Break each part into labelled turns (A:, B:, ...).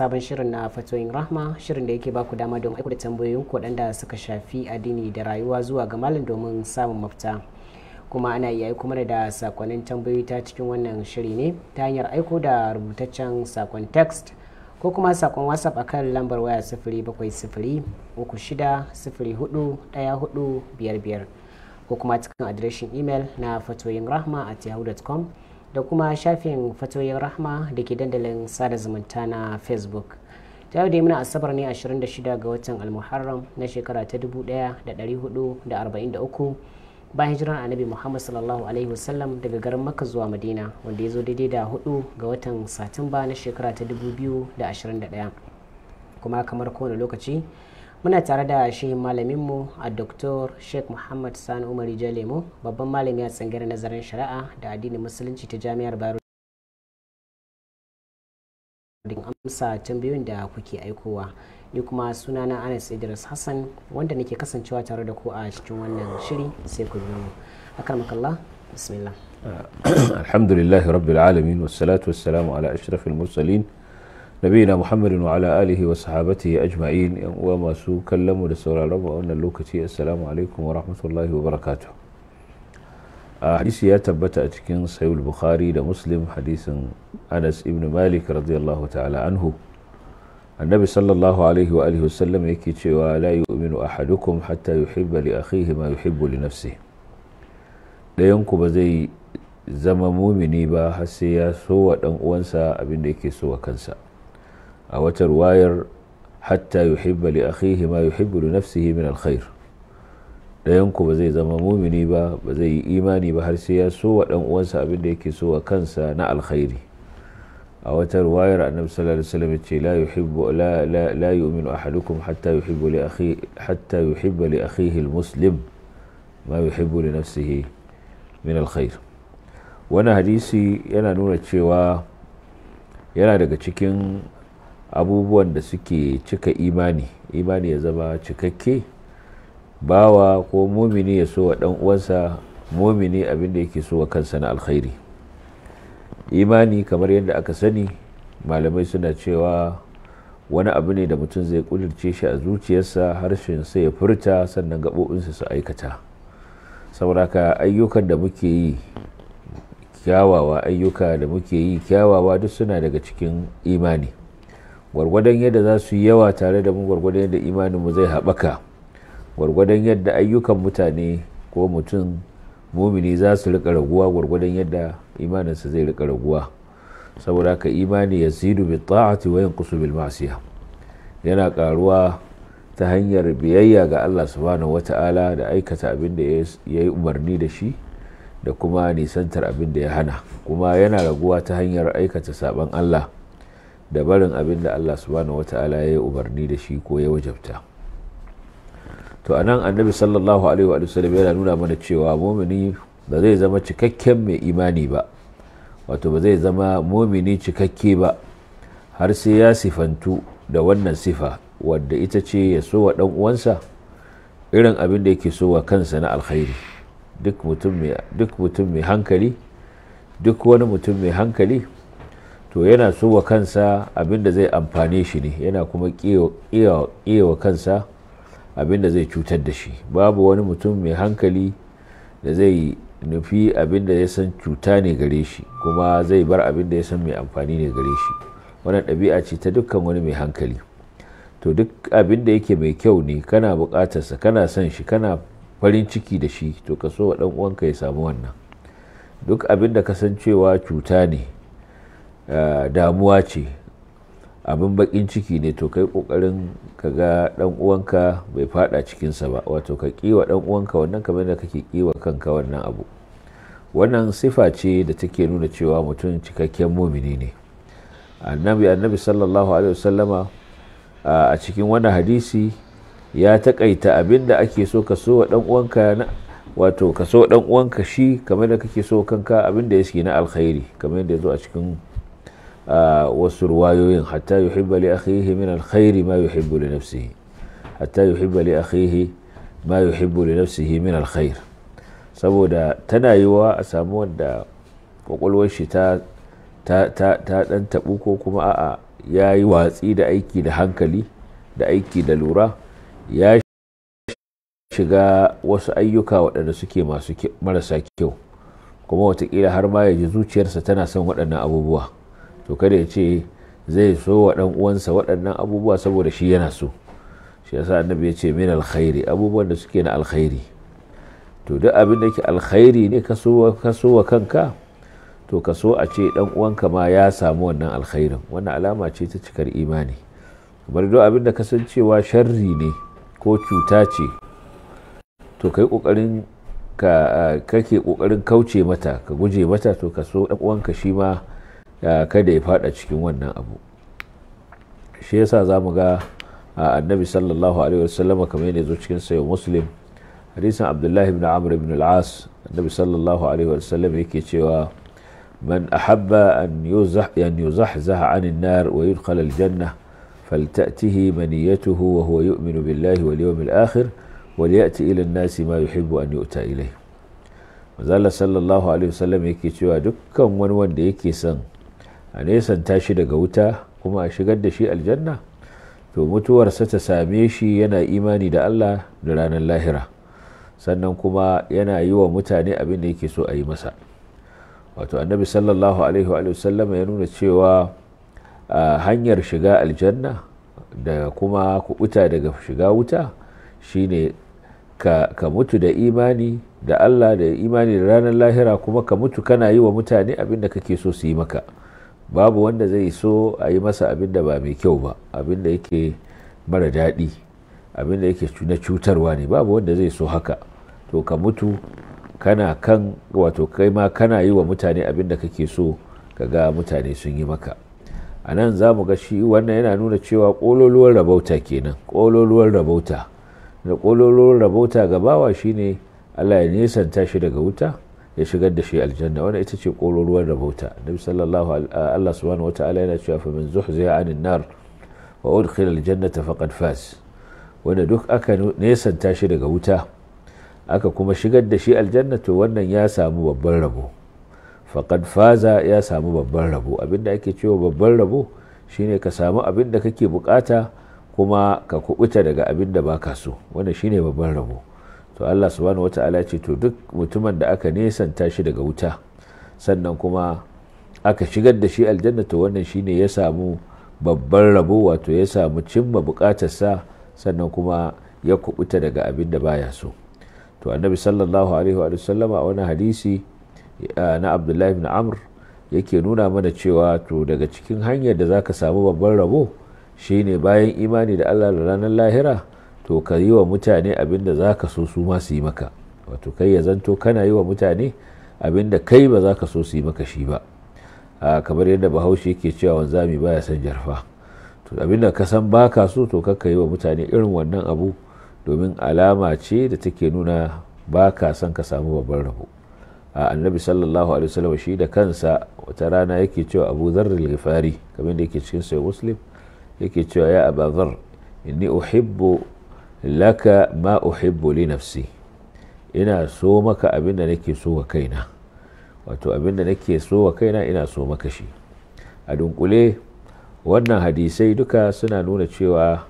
A: sabon shirin na fatoyin rahma shirin da yake baku dama don aiko da tambayoyin ku waɗanda suka shafi addini da rayuwa zuwa ga malam domin samun mafita kuma ana iya aiko mana da sakonnin tambayoyi ta cikin wannan shiri ne ta hanyar aiko da rubutaccen sakon text ko kuma sakon whatsapp akan lambar waya sifiri bakwai sifiri uku shida sifiri hudu ɗaya hudu biyar biyar ko kuma cikin adireshin imel na fatoyin rahma at yahoo.com da kuma shafin fatoyin rahma da ke dandalin sada zumunta na facebook ta yau da muna asabar ne 26 ga watan almuharram na shekara ta 1443 bayan hijiran annabi muhammad sallallahu alaihi wasallam daga garin makka zuwa madina wanda ya zo daidai da 4 ga watan satumba na shekara ta 2021 kuma kamar kowane lokaci muna tare da shi malaminmu a doktor sheikh muhammad sani umari jalemu babban malami a tsangirar nazarin shari'a da addinin musulunci ta jami'ar bayero amsa tambayoyin da kuke aikowa ni kuma sunana anas idris hassan wanda nake kasancewa tare da ku a cikin wannan shiri sai ku biyo mu makalla bismillah
B: alhamdulillahi rabbil alamin wassalatu wassalamu ala ashrafil mursalin nabiyina muhammadin wa ala alihi wa sahabatihi ajma'in yan uwa masu kallon mu da sauraron mu a wannan lokaci assalamu alaikum wa rahmatullahi wa barakatuh a hadisi ya tabbata a cikin sahih bukhari da muslim hadisin anas ibn malik radiyallahu ta'ala anhu annabi sallallahu alaihi wa alihi wasallam yake cewa la yu'minu ahadukum hatta yuhibba li akhihi ma yuhibbu li nafsihi dayan ku ba zai zama mumini ba har sai ya so wa dan uwansa abin da yake so wa kansa a wata ruwayar hatta yuhibba li akhihi ma yuhibbu li nafsihi min alkhair ɗayanku ba zai zama mumini ba ba zai yi imani ba har sai ya so wa ɗan uwansa abin da yake so wa kansa na alkhairi a wata ruwayar annabi sallallahu alaihi wasallam ce la yuhibbu la la la yu'minu ahadukum hatta yuhibbu li akhi hatta yuhibba li akhihi almuslim ma yuhibbu li nafsihi min alkhair wannan hadisi yana nuna cewa yana daga cikin abubuwan da suke cika imani imani ya zama cikakke bawa ko mumini ya so wa dan uwansa mumini abin da yake so wa kansa na alkhairi imani kamar yadda aka sani malamai suna cewa wani abu ne da mutum zai kudirce shi a zuciyarsa harshen sai ya furta sannan gaɓoɓinsa su aikata saboda ayyukan da muke yi kyawawa ayyuka da muke yi kyawawa duk suna daga cikin imani gwargwadon yadda za su yi yawa tare da mu gwargwadon yadda mu zai haɓaka gwargwadon yadda ayyukan mutane ko mutum mumini za su rika raguwa gwargwadon yadda imaninsa zai rika raguwa saboda haka imani ya zidu bi ta'ati wa yanqusu bil ma'siyah yana karuwa ta hanyar biyayya ga Allah subhanahu wata'ala da aikata abin da ya yi umarni da shi da kuma nisantar abin da ya hana kuma yana raguwa ta hanyar aikata saban Allah da barin abin da Allah subhanahu wata'ala ya yi umarni da shi ko ya wajabta to anan annabi sallallahu alaihi wa sallam yana nuna mana cewa mumini ba zai zama cikakken mai imani ba wato ba zai zama mumini cikakke ba har sai ya sifantu da wannan sifa wadda ita ce ya so wa dan uwansa irin abin da yake so wa kansa na alkhairi duk mutum mai hankali duk wani mutum mai hankali to yana so wa kansa abinda zai amfane shi ne yana kuma iya wa kansa abinda zai cutar da shi babu wani mutum mai hankali da zai nufi abinda ya san cuta ne gare shi kuma zai bar abinda ya san mai amfani ne gare shi wannan ɗabi'a ce ta dukkan wani mai hankali to duk abinda yake mai kyau ne kana buƙatarsa kana son shi kana farin ciki da shi to ka so wa uwanka ya samu wannan duk abinda cewa cuta ne Eh, damuwa ce abin bakin ciki ne to kai kokarin ka ga dan uwanka bai fada cikinsa ba wato ka kiwa dan uwanka wannan kamar da kake kiwa kanka wannan abu wannan sifa ce da take nuna cewa mutum cikakken mumini ne annabi annabi sallallahu alaihi wasallama eh, a cikin wannan hadisi ya takaita abin da ake so ka so dan uwanka na wato ka so dan uwanka shi kamar da kake so kanka abin da yake na alkhairi kamar yadda ya zo a cikin wasu ruwayoyin hatta hibba li akhihi min alkhairi ma yuhibbu li nafsihi hatta hibba li akhihi ma yuhibbu li nafsihi min alkhair saboda tana yiwa a samu wanda kwakwalwar shi ta ta dan tabu ko kuma a'a ya yi watsi da aiki da hankali da aiki da lura ya shiga wasu ayyuka waɗanda suke masu marasa kyau kuma watakila har ma ya ji zuciyarsa tana son waɗannan abubuwa to kada ya ce zai so wa ɗan uwansa waɗannan abubuwa saboda shi yana so shi yasa annabi ya ce min alkhairi abubuwan da suke na alkhairi to duk abin da ke alkhairi ne ka so wa kanka to ka so a ce ɗan uwanka ma ya samu wannan alkhairin wannan alama ce ta cikar imani kamar duk abin da kasancewa sharri ne ko cuta ce to kai kokarin ka kake kokarin kauce mata ka guje mata to ka so ɗan uwanka shi ma kada ya fada cikin wannan abu shi yasa za mu ga annabi sallallahu alaihi wasallama kamar yadda zo cikin sayo muslim hadisin abdullahi ibn amr ibn al-as annabi sallallahu alaihi yake cewa man ahabba an yuzahzaha janna فلتأته منيته وهو يؤمن بالله واليوم الآخر وليأتي إلى الناس ما يحب أن يؤتى إليه mazala yake cewa dukkan wani wanda yake son a nesanta shi daga wuta kuma a shigar da shi aljanna to mutuwarsa ta same shi yana imani da Allah da ranar lahira sannan kuma yana yi wa mutane abin da yake so a yi masa wato annabi sallallahu alaihi wa sallama ya nuna cewa a hanyar shiga aljanna da kuma kubuta daga shiga wuta shine ka, ka mutu da imani da Allah da imani da ranar lahira kuma ka mutu kana yi wa mutane abin da kake so su yi maka babu wanda zai so a yi masa abin da ba mai kyau ba abin da yake mara daɗi abin da yake na cutarwa ne babu wanda zai so haka to ka mutu kana kan wato kai ma kana yi wa mutane abin da kake so ka ga mutane sun yi maka a nan za mu ga shi wannan yana nuna cewa ƙololuwar rabauta kenan ƙololuwar rabauta da ƙololuwar rabauta ga bawa shine allah ya nesanta shi daga wuta ya shigar da shi aljanna wannan ita ce ƙororuwar rabauta nabi sallallahu Allah subhanahu wa ta'ala yana cewa fa min zuhziya anin nar wa udkhila aljannata faqad faz wanda duk aka nesanta shi daga wuta aka kuma shigar da shi aljanna to wannan ya samu babban rabo faqad faza ya samu babban rabo abinda ake cewa babban rabo shine ka samu abin da kake bukata kuma ka kubuta daga abin da baka so wannan shine babban rabo to Allah subhanahu wata'ala ce to duk mutumin da aka nesanta shi daga wuta sannan kuma aka shigar da shi aljanna to wannan shine ya samu babban rabo wato ya samu cimma bukatarsa sannan kuma ya kubuta daga abin da baya so to annabi sallallahu alaihi wa sallama a wani hadisi na abdullahi bin amr yake nuna mana cewa to daga cikin hanyar da zaka samu babban rabo shine bayan imani da Allah da ranar lahira to ka yi wa mutane abin da za ka so su ma su yi maka wato kai ya zanto kana yi wa mutane abin da kai ba za ka so su yi maka shi ba kamar yadda bahaushe yake cewa wanzami baya san jarfa to abin da ka san ba ka so to ka yi wa mutane irin wannan abu domin alama ce da take nuna ba ka san ka samu babban rabo a annabi sallallahu alaihi wasallam shi da kansa wata rana yake cewa abu zarr al kamar da yake cikin sai muslim yake cewa ya abazar inni uhibbu laka ma uhibbu li nafsi ina so maka abin da nake so wa kaina wato abin da nake so wa kaina ina so maka shi a dunkule wannan hadisai duka suna nuna cewa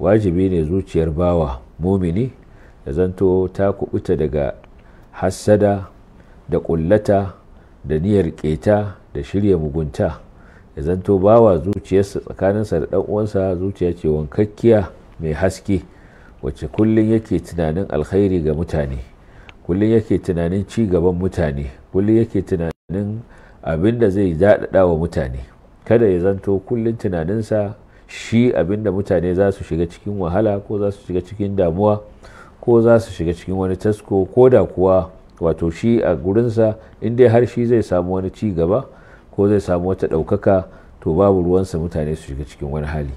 B: wajibi ne zuciyar bawa mumini da zanto ta kubuta daga hassada da kullata da niyyar keta da shirya mugunta da zanto bawa zuciyarsa tsakaninsa da uwansa zuciya ce wankakkiya mai haske wacce kullum yake tunanin alkhairi ga mutane kullum yake tunanin ci gaban mutane kullum yake tunanin abin da zai daɗaɗa wa mutane kada ya zanto kullum tunaninsa shi abin da mutane za su shiga cikin wahala ko za su shiga cikin damuwa ko za su shiga cikin wani tasko ko da kuwa wato shi a gurinsa in dai har shi zai samu wani ci gaba ko zai samu wata ɗaukaka to babu ruwansa mutane su shiga cikin wani hali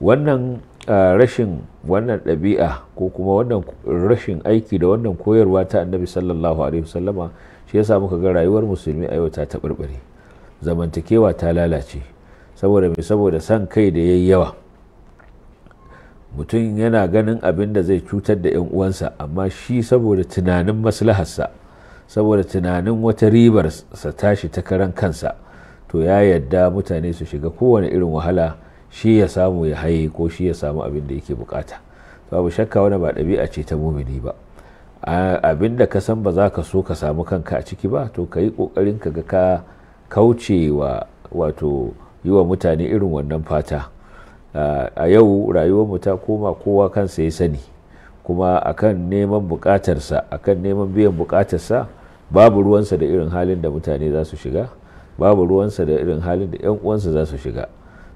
B: wannan rashin wannan ɗabi'a ko kuma wannan rashin aiki da wannan koyarwa ta annabi sallallahu alaihi wasallama shi yasa muka ga rayuwar musulmi a yau ta taɓarɓare zamantakewa ta lalace saboda mai saboda san kai da yayi yawa mutum yana ganin abin da zai cutar da 'yan uwansa amma shi saboda tunanin maslaharsa saboda tunanin wata ribar sa tashi ta karan kansa to ya yadda mutane su shiga kowane irin wahala shi ya samu ya haye ko shi ya samu abin da yake bukata babu shakka wani ba ɗabi'a ce ta mumini ba abin da ka san ba za ka so ka samu kanka a ciki ba to ka yi ƙoƙarin ka ga ka kauce wa wato yi wa mutane irin wannan fata a yau rayuwarmu ta koma kowa kansa ya sani kuma akan neman bukatarsa akan neman biyan bukatarsa babu ruwansa da irin halin da mutane za su shiga babu ruwansa da irin halin da 'yan uwansa za su shiga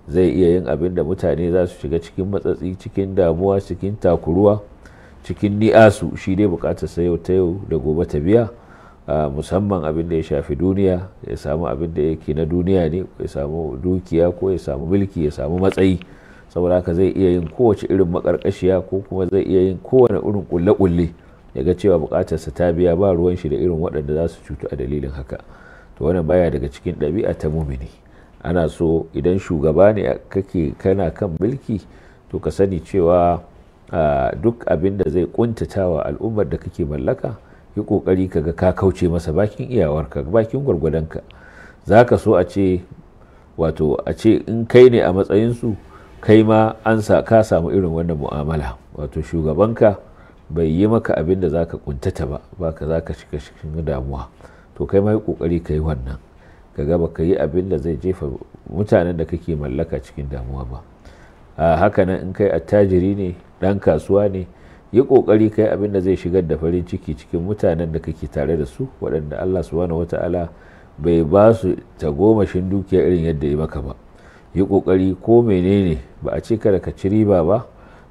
B: zai iya yin abin da mutane za su shiga cikin matsatsi cikin damuwa cikin takuruwa cikin ni'asu shi dai bukatar sa yau ta yau da gobe ta biya musamman abin da ya shafi duniya ya samu abin da yake na duniya ne ya samu dukiya ko ya samu mulki ya samu matsayi saboda haka zai iya yin kowace irin makarkashiya ko kuma zai iya yin kowane irin kulle-kulle ya ga cewa bukatarsa ta biya ba ruwan shi da irin waɗanda za su cutu a dalilin haka to wannan baya daga cikin ɗabi'a ta mumini ana so idan shugaba ne kake kana kan mulki to ka sani cewa duk abin da zai kuntata wa al'ummar da kake mallaka yi kokari ka ga ka kauce masa bakin iyawarka bakin gwargwadonka za ka so a ce wato a ce in kai ne a matsayinsu kai ma an sa ka samu irin wannan mu'amala wato shugabanka bai yi maka abin da za ka kuntata ba ba ka za ka shiga cikin damuwa to kai ma yi kokari ka yi wannan ka ga ka yi abin da zai jefa mutanen da kake mallaka cikin damuwa ba a haka nan in kai attajiri ne dan kasuwa ne yi ƙoƙari kai abin da zai shigar da farin ciki cikin mutanen da kake tare da su waɗanda Allah subhanahu wata'ala bai ba su tagomashin dukiya irin yadda ya maka ba yi kokari ko menene ba a ce kada ka ci riba ba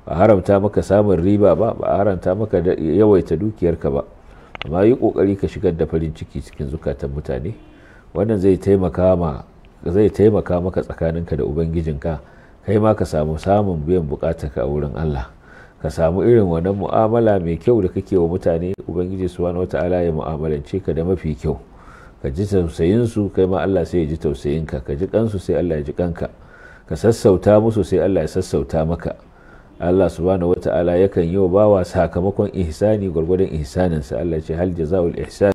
B: ba haramta maka samun riba ba ba haramta maka yawaita dukiyarka ba amma yi ƙoƙari ka shigar da farin ciki cikin zukatan mutane wannan zai taimaka ma zai taimaka maka tsakaninka da ubangijinka kai ma ka samu samun biyan bukatar ka a wurin Allah ka samu irin wannan mu'amala mai kyau da kake wa mutane ubangiji wata ala ya mu'amalance ka da mafi kyau ka ji tausayin su kai ma Allah sai ya ji tausayin ka ka ji kansu sai Allah ya ji kanka ka sassauta musu sai Allah ya sassauta maka Allah subhanahu wata'ala yakan yi wa bawa sakamakon ihsani gwargwadon ihsaninsa Allah ce hal jaza'ul ihsan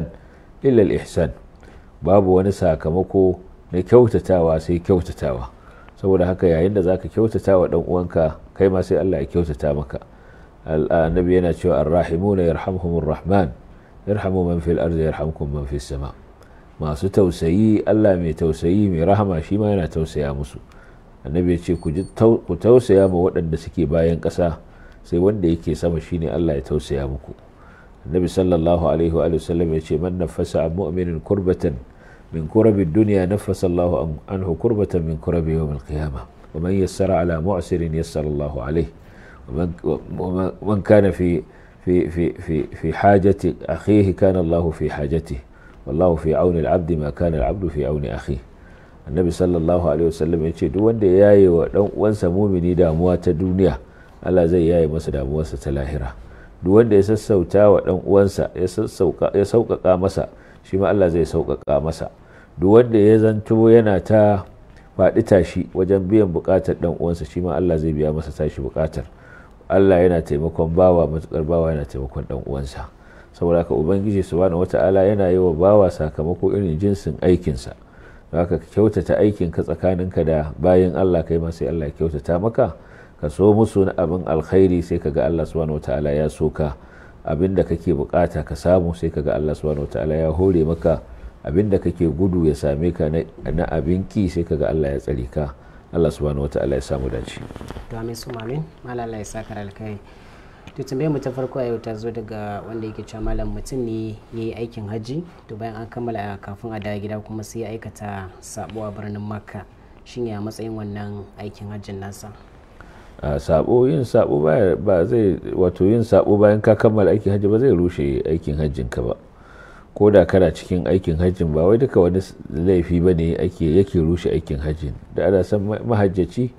B: illa al ihsan babu wani sakamako na kyautatawa sai kyautatawa saboda haka yayin da zaka kyautatawa wa dan uwanka kai ma sai Allah ya kyautata maka annabi yana cewa arrahimuna yarhamhumur rahman irhamu man fil ardi yarhamkum man fis sama masu tausayi Allah mai tausayi mai rahama shi ma yana tausaya musu annabi ya ce ku tausaya ma waɗanda suke bayan ƙasa sai wanda yake sama shine Allah ya tausaya muku annabi sallallahu alaihi wa sallam ya ce man nafasa mu'minin kurbatan min kurabi duniya nafasa kurbata anhu kurbatan min kurabi yawmil qiyama wa man yassara ala mu'sirin yassara Allahu alayh wa man kana fi في في في في حاجة أخيه كان الله في حاجته والله في عون العبد ما كان العبد في عون أخيه النبي صلى الله عليه وسلم yace duk wanda ya yi wa dan uwansa mumini damuwa ta duniya Allah zai yaye masa damuwarsa ta lahira duk wanda ya sassauta wa dan uwansa ya sauƙaƙa masa shi ma Allah zai sauƙaƙa masa duk wanda ya zanto yana ta faɗi tashi wajen biyan buƙatar ɗan uwansa shi ma Allah zai biya masa tashi buƙatar Allah yana taimakon bawa matuƙar bawa yana taimakon ɗan uwansa saboda haka ubangiji subhanahu wata'ala yana yi wa bawa sakamako irin jinsin aikinsa haka ka kyautata aikin aikinka tsakaninka da bayan Allah kai ma sai Allah ya kyautata maka ka so musu na abin alkhairi sai ka ga Allah subhanahu wata'ala ya so ka abin da kake bukata ka samu sai ka ga Allah subhanahu wata'ala ya hore maka abin da kake gudu ya same ka na abin ki sai kaga Allah ya tsare ka Allah subhanahu wata'ala ya samu dace
A: to amin su mamin Allah ya saka alkai to tambaye mu ta farko a yau ta zo daga wanda yake cewa malam mutum ne yayi aikin haji to bayan an kammala kafin a dawo gida kuma sai ya aikata sabo a birnin makka shin ya matsayin wannan aikin hajjin nasa
B: sabo yin sabo ba zai wato yin sabo bayan ka kammala aikin hajji ba zai rushe aikin hajjin ka ba ko da kana cikin aikin hajji ba wai duka wani laifi ba ne yake rushe aikin hajji da ana san mahajjaci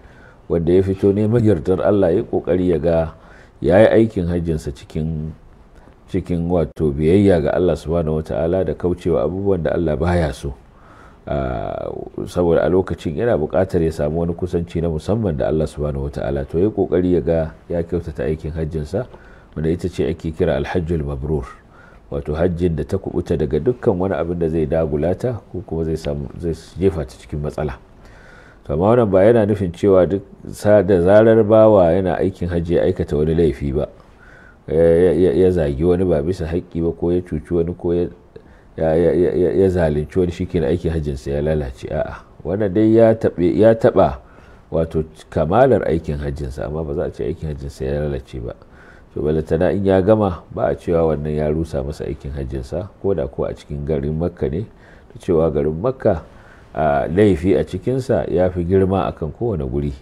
B: wanda ya fito ne yardar Allah ya kokari ya ga ya yi aikin hajjinsa cikin cikin wato biyayya ga Allah subhanahu wata'ala da kaucewa abubuwan da Allah baya so saboda a lokacin yana buƙatar ya samu wani kusanci na musamman da Allah subhanahu wata'ala to ya kokari ya ga ya kyautata aikin hajjinsa wanda ita ce ake kira alhajjul mabrur wato hajjin da ta kubuta daga dukkan wani abin da zai dagula ta ko kuma zai jefa ta cikin matsala to amma wannan ba yana nufin cewa duk da zarar bawa yana aikin hajji ya aikata wani laifi ba ya zagi wani ba bisa haƙƙi ba ko ya cuci wani ko ya zalunci wani shi kenan aikin hajjinsa ya lalace a'a wannan dai ya taɓa wato kamalar aikin hajjinsa amma ba za a ce aikin hajjinsa ya lalace ba to balatana in ya gama ba a cewa wannan ya rusa masa aikin hajjinsa ko da ko a cikin garin makka ne ta cewa garin makka a laifi a cikinsa ya fi girma akan kowane guri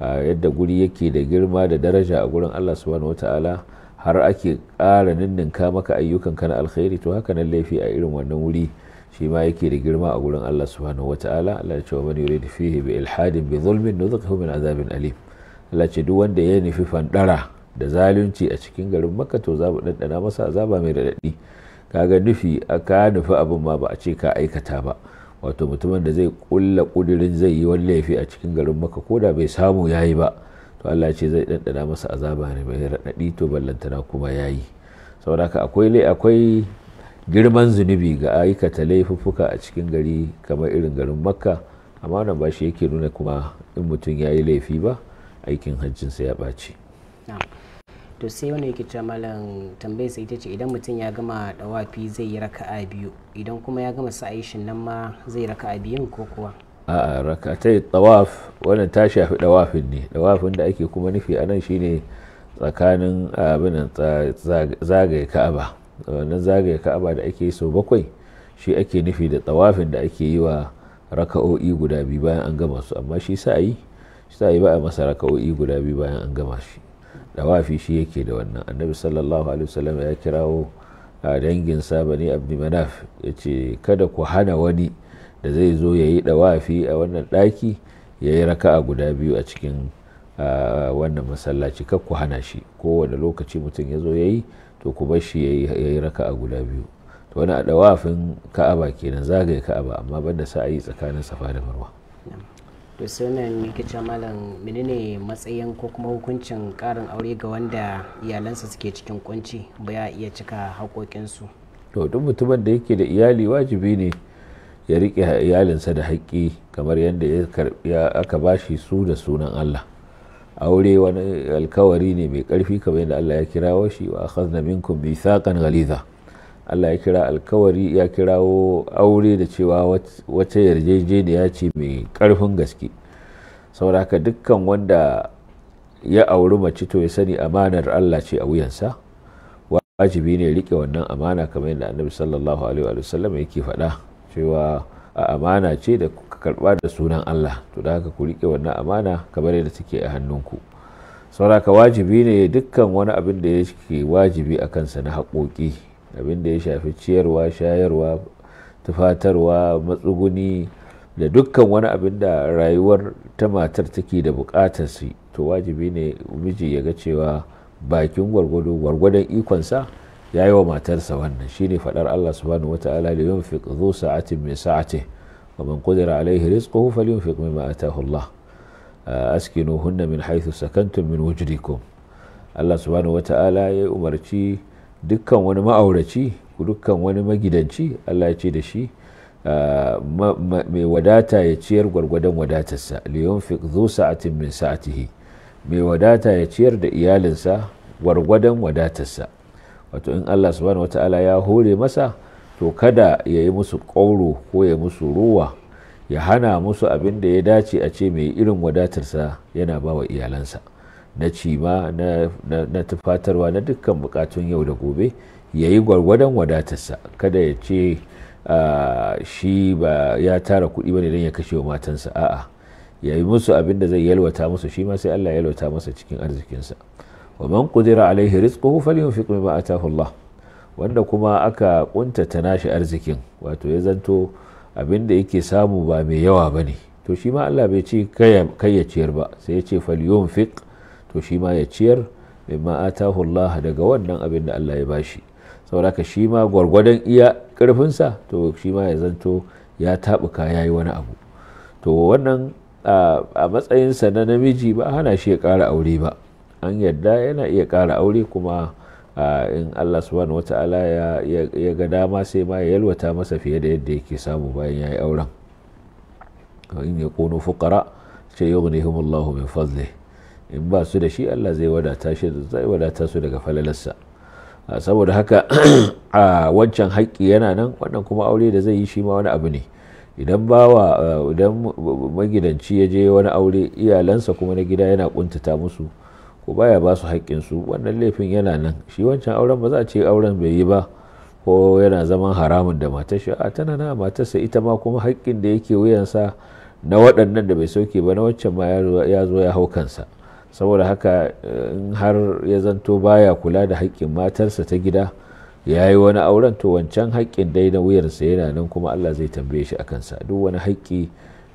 B: yadda guri yake da girma da daraja a gurin allah subhanahu wata'ala har ake ƙara ninninka maka ayyukan kana alkhairi to haka nan laifi a irin wannan wuri shi ma yake da girma a gurin Allah subhanahu wata'ala Allah ya ce wa yuridu fihi bi ilhadin bi zulmin nuzqhu min azabin alim Allah ce duk wanda ya nufi fanɗara. da zalunci a cikin garin makka to za mu ɗanɗana masa azaba mai raɗaɗi kaga nufi ka nufi abin ma ba a ce ka aikata ba wato mutumin da zai kulla kudirin zai yi wani laifi a cikin garin maka ko da bai samu ya yi ba to Allah ce zai ɗanɗana masa azaba ne mai raɗaɗi to ballantana kuma ya yi saboda akwai akwai girman zunubi ga aikata laifuffuka a cikin gari kamar irin garin makka amma wannan ba shi yake nuna kuma in mutum ya yi laifi ba aikin hajjinsa ya ɓaci.
A: to sai wani yake cewa malam tambayar sai ita ce idan mutum ya gama dawafi zai yi raka'a biyu idan kuma ya gama sa'ayi aishin nan ma zai raka'a biyun ko kuwa
B: a'a rakatai tawaf wannan ta shafi dawafin ne dawafin da ake kuma nufi a anan shine tsakanin abin zagaye ka'aba wannan zagaye ka'aba da ake yi sau bakwai shi ake nufi da tawafin da ake yi wa raka'o'i guda biyu bayan an gama su amma shi sa'ayi sa'ayi ba a masa raka'o'i guda biyu bayan an gama shi dawafi shi yake da wannan annabi sallallahu alaihi wasallam ya kirawo a dangin sabani abdi manaf ya ce kada ku hana wani da zai zo ya yi dawafi a wannan ɗaki ya yi raka'a guda biyu a cikin wannan masallaci kar ku hana shi kowane lokaci mutum ya zo ya yi to ku bar shi ya yi raka'a guda biyu to wani a dawafin ka'aba kenan zagaye ka'aba amma banda sa'ayi tsakanin safa da marwa
A: to sunan nan malam menene matsayin ko kuma hukuncin karin aure ga wanda iyalansa suke cikin kunci ba ya iya cika haƙoƙinsu
B: to duk mutumin da yake da iyali wajibi ne ya riƙe iyalinsa da haƙƙi kamar yadda aka bashi su da sunan Allah aure wani alkawari ne mai ƙarfi kamar yadda Allah ya kirawo shi wa akhadna minkum mithaqan ghaliza Allah ya kira alkawari ya kirawo aure da cewa wata yarjejeniya ce mai ƙarfin gaske saboda dukkan wanda ya auri mace to ya sani amanar Allah ce a wuyansa wajibi ne rike wannan amana kamar yadda annabi sallallahu alaihi wa sallam yake faɗa cewa a amana ce da kuka karɓa da sunan Allah to da haka ku rike wannan amana kamar yadda take a hannunku saboda wajibi ne dukkan wani abin da yake wajibi a kansa na haƙoƙi abin da ya shafi ciyarwa shayarwa tufatarwa matsuguni da dukkan wani abin da rayuwar ta matar take da bukatar su to wajibi ne miji ya ga cewa bakin gwargwado gwargwadon ikonsa ya yi wa matarsa wannan shine faɗar Allah subhanahu wata'ala da yin fiƙ sa'atin mai sa'ate wa man qadira alaihi rizquhu falyunfiq mimma ataahu Allah ah, askinuhunna min haythu sakantum min wujdikum Allah subhanahu wata'ala ya umarci dukkan wani ma'auraci dukkan wani magidanci Allah ya ce da shi ah, mai wadata ya ciyar gwargwadon wadatarsa liyon zo sa'atin min sa'atihi mai wadata ya ciyar da iyalinsa gwargwadon wadatarsa wato in Allah subhanahu wata'ala ya hore masa to kada ya yi musu ƙauro ko ya musu ruwa ya hana musu abin da ya dace a ce mai irin wadatarsa yana bawa iyalansa na cima na tufatarwa na dukkan bukatun yau da gobe ya yi gwargwadon wadatarsa kada ya ce ah, shi ba ya tara kuɗi ne don ya kashe wa matansa a'a ya yi musu abin da zai yalwata musu shi ma sai Allah yalwata masa cikin arzikinsa wa man kudira alaihi rizquhu falyunfiq mimma atahu Allah wanda kuma aka kuntata nashi arzikin wato ya zanto abin da yake samu ba mai yawa bane to shi ma Allah bai ce kai ya ciyar ba sai ya ce falyunfiq to shi ma ya ciyar mimma atahu Allah daga wannan abin da Allah ya bashi saboda shi ma gwargwadon iya karfinsa to shi ma ya zanto ya tabuka ya yi wani abu to wannan a matsayinsa na namiji ba hana shi ya kara aure ba an yadda yana iya ƙara aure kuma in Allah subhanahu wata'ala ya ga dama sai ma ya yalwata masa fiye da yadda yake samu bayan ya yi auren in ya kono fukara ce yughnihimullahu min fadlih in ba su da shi Allah zai wadata shi zai wadata su daga falalarsa ah, saboda haka a ah, wancan haƙƙi yana nan wannan kuma aure da zai yi shi ma wani abu ne idan bawa ah, idan magidanci ya je wani aure iyalansa kuma na gida yana kuntata musu ko baya ba su haƙƙinsu wannan laifin yana nan shi wancan auren ba za a ce auren bai yi ba ko yana zaman haramun da matar shi a tana na matarsa ita ma kuma haƙƙin da yake wuyansa na waɗannan da bai sauke ba na wancan ma ya zo ya hau kansa saboda haka har ya zanto baya kula da haƙƙin matarsa ta gida ya yi wani auren to wancan haƙƙin dai na wuyarsa yana nan kuma Allah zai tambaye shi akan sa duk wani haƙƙi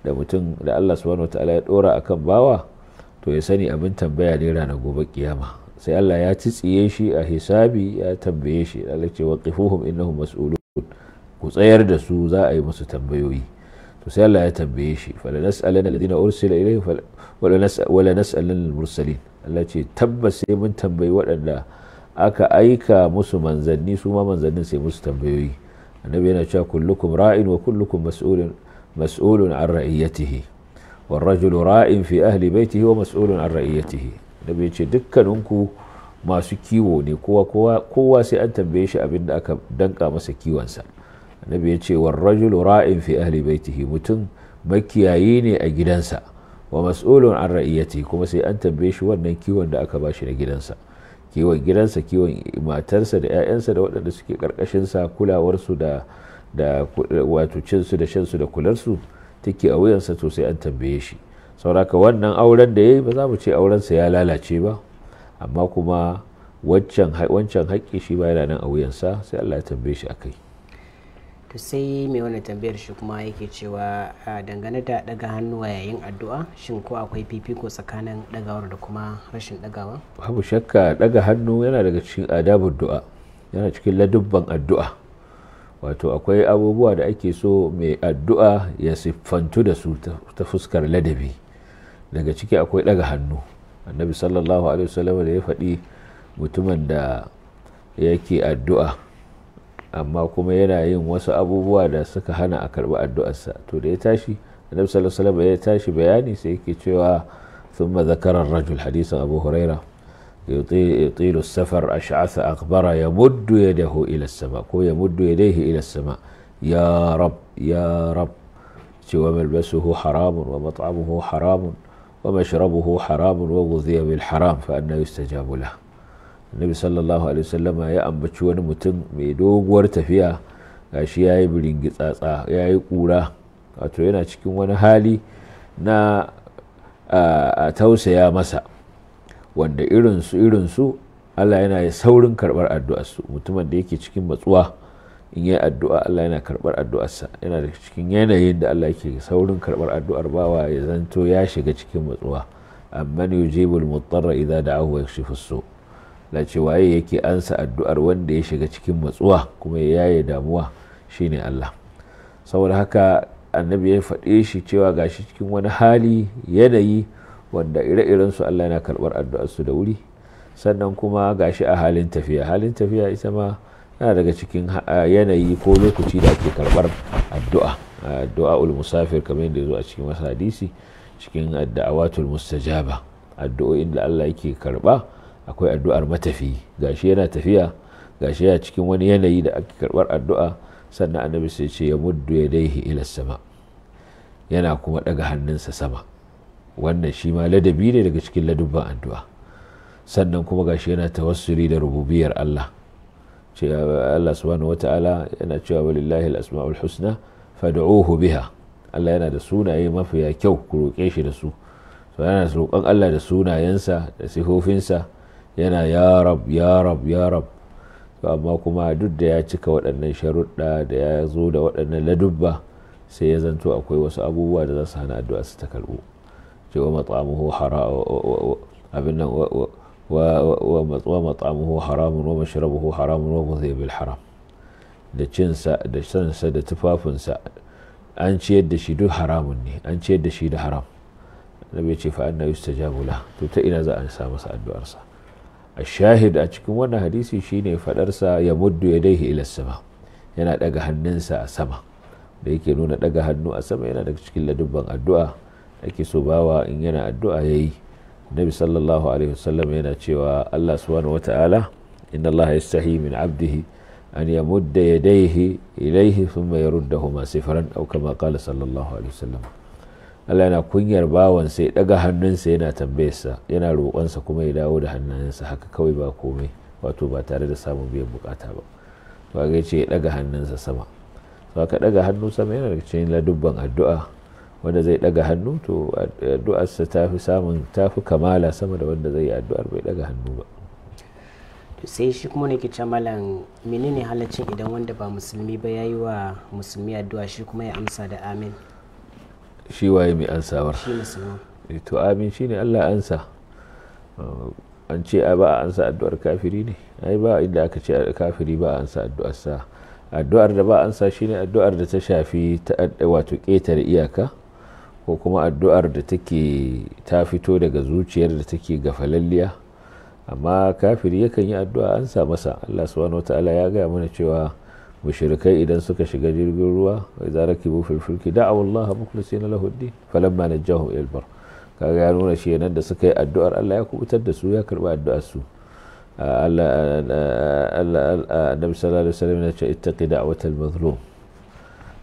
B: da mutum da Allah subhanahu wataala ya dora akan bawa to ya sani abin tambaya ne ranar gobe kiyama sai Allah ya titsiye shi a hisabi ya tambaye shi Allah ce waqifuhum innahum mas'ulun ku tsayar da su za a yi musu tambayoyi to sai Allah ya tambaye shi lanas'alana alladhina ursila ilayhim wala nas'alin mursalin Allah ce tabbas sai mun tambayi waɗanda aka aika musu manzanni su ma manzannin sai musu tambayoyi annabi yana cewa kullukum ra'in wa kullukum mas'ulun mas'ulun an ra'iyatihi wal rajulu ra'in fi ahli baitihi wa mas'ulun an ra'iyatihi annabi ya ce dukkaninku masu kiwo ne kowa kowa sai an tambaye shi abin da aka danka masa kiwonsa annabi ya ce wal rajulu ra'in fi ahli baitihi mutum makiyayi ne a gidansa wa mas'ulun an ra'iyati kuma sai an tambaye shi wannan kiwon da aka bashi na gidansa kiwon gidansa kiwon matarsa da 'ya'yansa da waɗanda suke sa kulawarsu da da wato cinsu da shansu da kular su take a wuyansa to sai an tambaye shi sauraka wannan auren da ya ba za mu ce auren sa ya lalace ba amma kuma wancan haƙƙi shi ba yana nan a wuyansa sai allah ya tambaye shi a kai
A: sai mai wannan tambayar shi kuma yake cewa dangane da daga hannuwa yayin addu'a shin ko akwai fifiko tsakanin dagawar da kuma rashin dagawa
B: babu shakka daga hannu yana daga cikin adabin du'a yana cikin ladubban addu'a wato akwai abubuwa da ake so mai addu'a ya siffantu da su ta fuskar ladabi daga ciki akwai daga hannu annabi sallallahu da ya faɗi mutumin da yake addu'a amma kuma yana yin wasu abubuwa da suka hana a karɓi sa to da ya tashi annabi sallallahu alaihi wasallam ya tashi bayani sai yake cewa thumma zakara ar-rajul hadisin abu huraira yutilu as-safar ash'atha akbara yamuddu yadahu ila as-sama ko yamuddu yadayhi ila as-sama ya rab ya rab cewa malbasuhu haramun wa mat'amuhu haramun wa mashrabuhu haramun wa ghudhiya bil haram fa anna yustajabu lahu annabi sallallahu alaihi wasallama ya ambaci wani mutum mai doguwar tafiya gashi ya yi biringitsatsa ya yi kura wato yana cikin wani hali na a tausaya masa wanda irinsu irinsu allah yana ya saurin karbar addu'arsu mutumin da yake cikin matsuwa in yi addu'a allah yana karbar addu'arsa yana da cikin yanayin da allah yake saurin karbar addu'ar bawa ya zanto ya shiga cikin matsuwa amma amman yujibul mutarra da da'ahu ya yakshifu su' la ce waye yake ansa addu'ar wanda ya shiga cikin matsuwa kuma ya yaye damuwa shine Allah saboda haka annabi ya faɗe shi cewa gashi cikin wani hali yanayi wanda ire-iren su Allah yana karɓar addu'ar su da wuri sannan kuma gashi a halin tafiya halin tafiya ita ma yana daga cikin yanayi ko lokaci da ake karɓar addu'a addu'a ul musafir kamar yadda ya zo a cikin masa hadisi cikin addu'awatul mustajaba addu'o'in da Allah yake karɓa akwai addu'ar matafi gashi yana tafiya gashi yana cikin wani yanayi da ake karbar addu'a sannan annabi sai ce ya muddu ya daihi ila sama yana kuma daga hannunsa sama wannan shi ma ladabi ne daga cikin ladubban addu'a sannan kuma gashi yana tawassuri da rububiyar Allah ce Allah subhanahu wata'ala yana cewa walillahi al-asma'ul husna fad'uhu biha Allah yana da sunaye mafiya kyau ku roƙe shi da su to yana roƙon Allah da sunayensa da sifofinsa yana ya rab ya rab ya rab to amma kuma duk da ya cika waɗannan sharuɗa da ya zo da waɗannan ladubba sai ya zanto akwai wasu abubuwa da za su hana addu'a su ta karɓu cewa matsamuhu abin nan wa matsamuhu haramun wa mashrabuhu haramun wa guzai bil haram da cinsa da sansa da tufafinsa an ciyar da shi duk haramun ne an ciyar da shi da haram annabi ce fa annabi yustajabu la to ta ina za a sa masa addu'arsa shahid a cikin wannan hadisi shine fadarsa ya muddu ya daihi ila sama yana daga hannunsa a sama da yake nuna daga hannu a sama yana daga cikin ladubban addu'a ake so bawa in yana addu'a yayi nabi sallallahu alaihi wasallam yana cewa Allah subhanahu wata'ala inna Allah yastahi min abdihi an yamudda yadayhi ilayhi thumma yaruddahuma sifran aw kama qala sallallahu alaihi wasallam Allah yana kunyar bawan sai daga hannunsa yana tambayarsa yana roƙonsa kuma ya dawo da hannunsa haka kawai ba komai wato ba tare da samun biyan bukata ba to ga ce ya daga hannunsa sama to ka daga hannu sama yana da cikin ladubban addu'a wanda zai daga hannu to addu'arsa ta fi samun ta fi kamala sama da wanda zai yi addu'ar bai daga hannu ba
A: to sai shi kuma ne ce malam menene halaccin idan wanda ba musulmi ba yayi wa musulmi addu'a shi kuma ya amsa da amin
B: shi waye mai ansawar eh, to amin shine Allah ansa an ce ba a ansa addu'ar kafiri ne ai ba inda aka ce kafiri ba a ansa addu'ar sa addu'ar da ba a ansa shine addu'ar da ta shafi wato ƙetare iyaka ko kuma addu'ar da take ta fito daga zuciyar da take gafalalliya amma kafiri yakan yi addu'a an sa masa Allah subhanahu wataala ya gaya mana cewa mushrikai idan suka shiga jirgin ruwa wai za rakibu fil fulki da'aw Allah mukhlisina lahu ad-din falamma najahum ila al kaga ya nuna shi nan da suka yi addu'ar Allah ya kubutar da su ya karba addu'ar su Allah annabi sallallahu alaihi wasallam ya ce ittaqi da'watal mazlum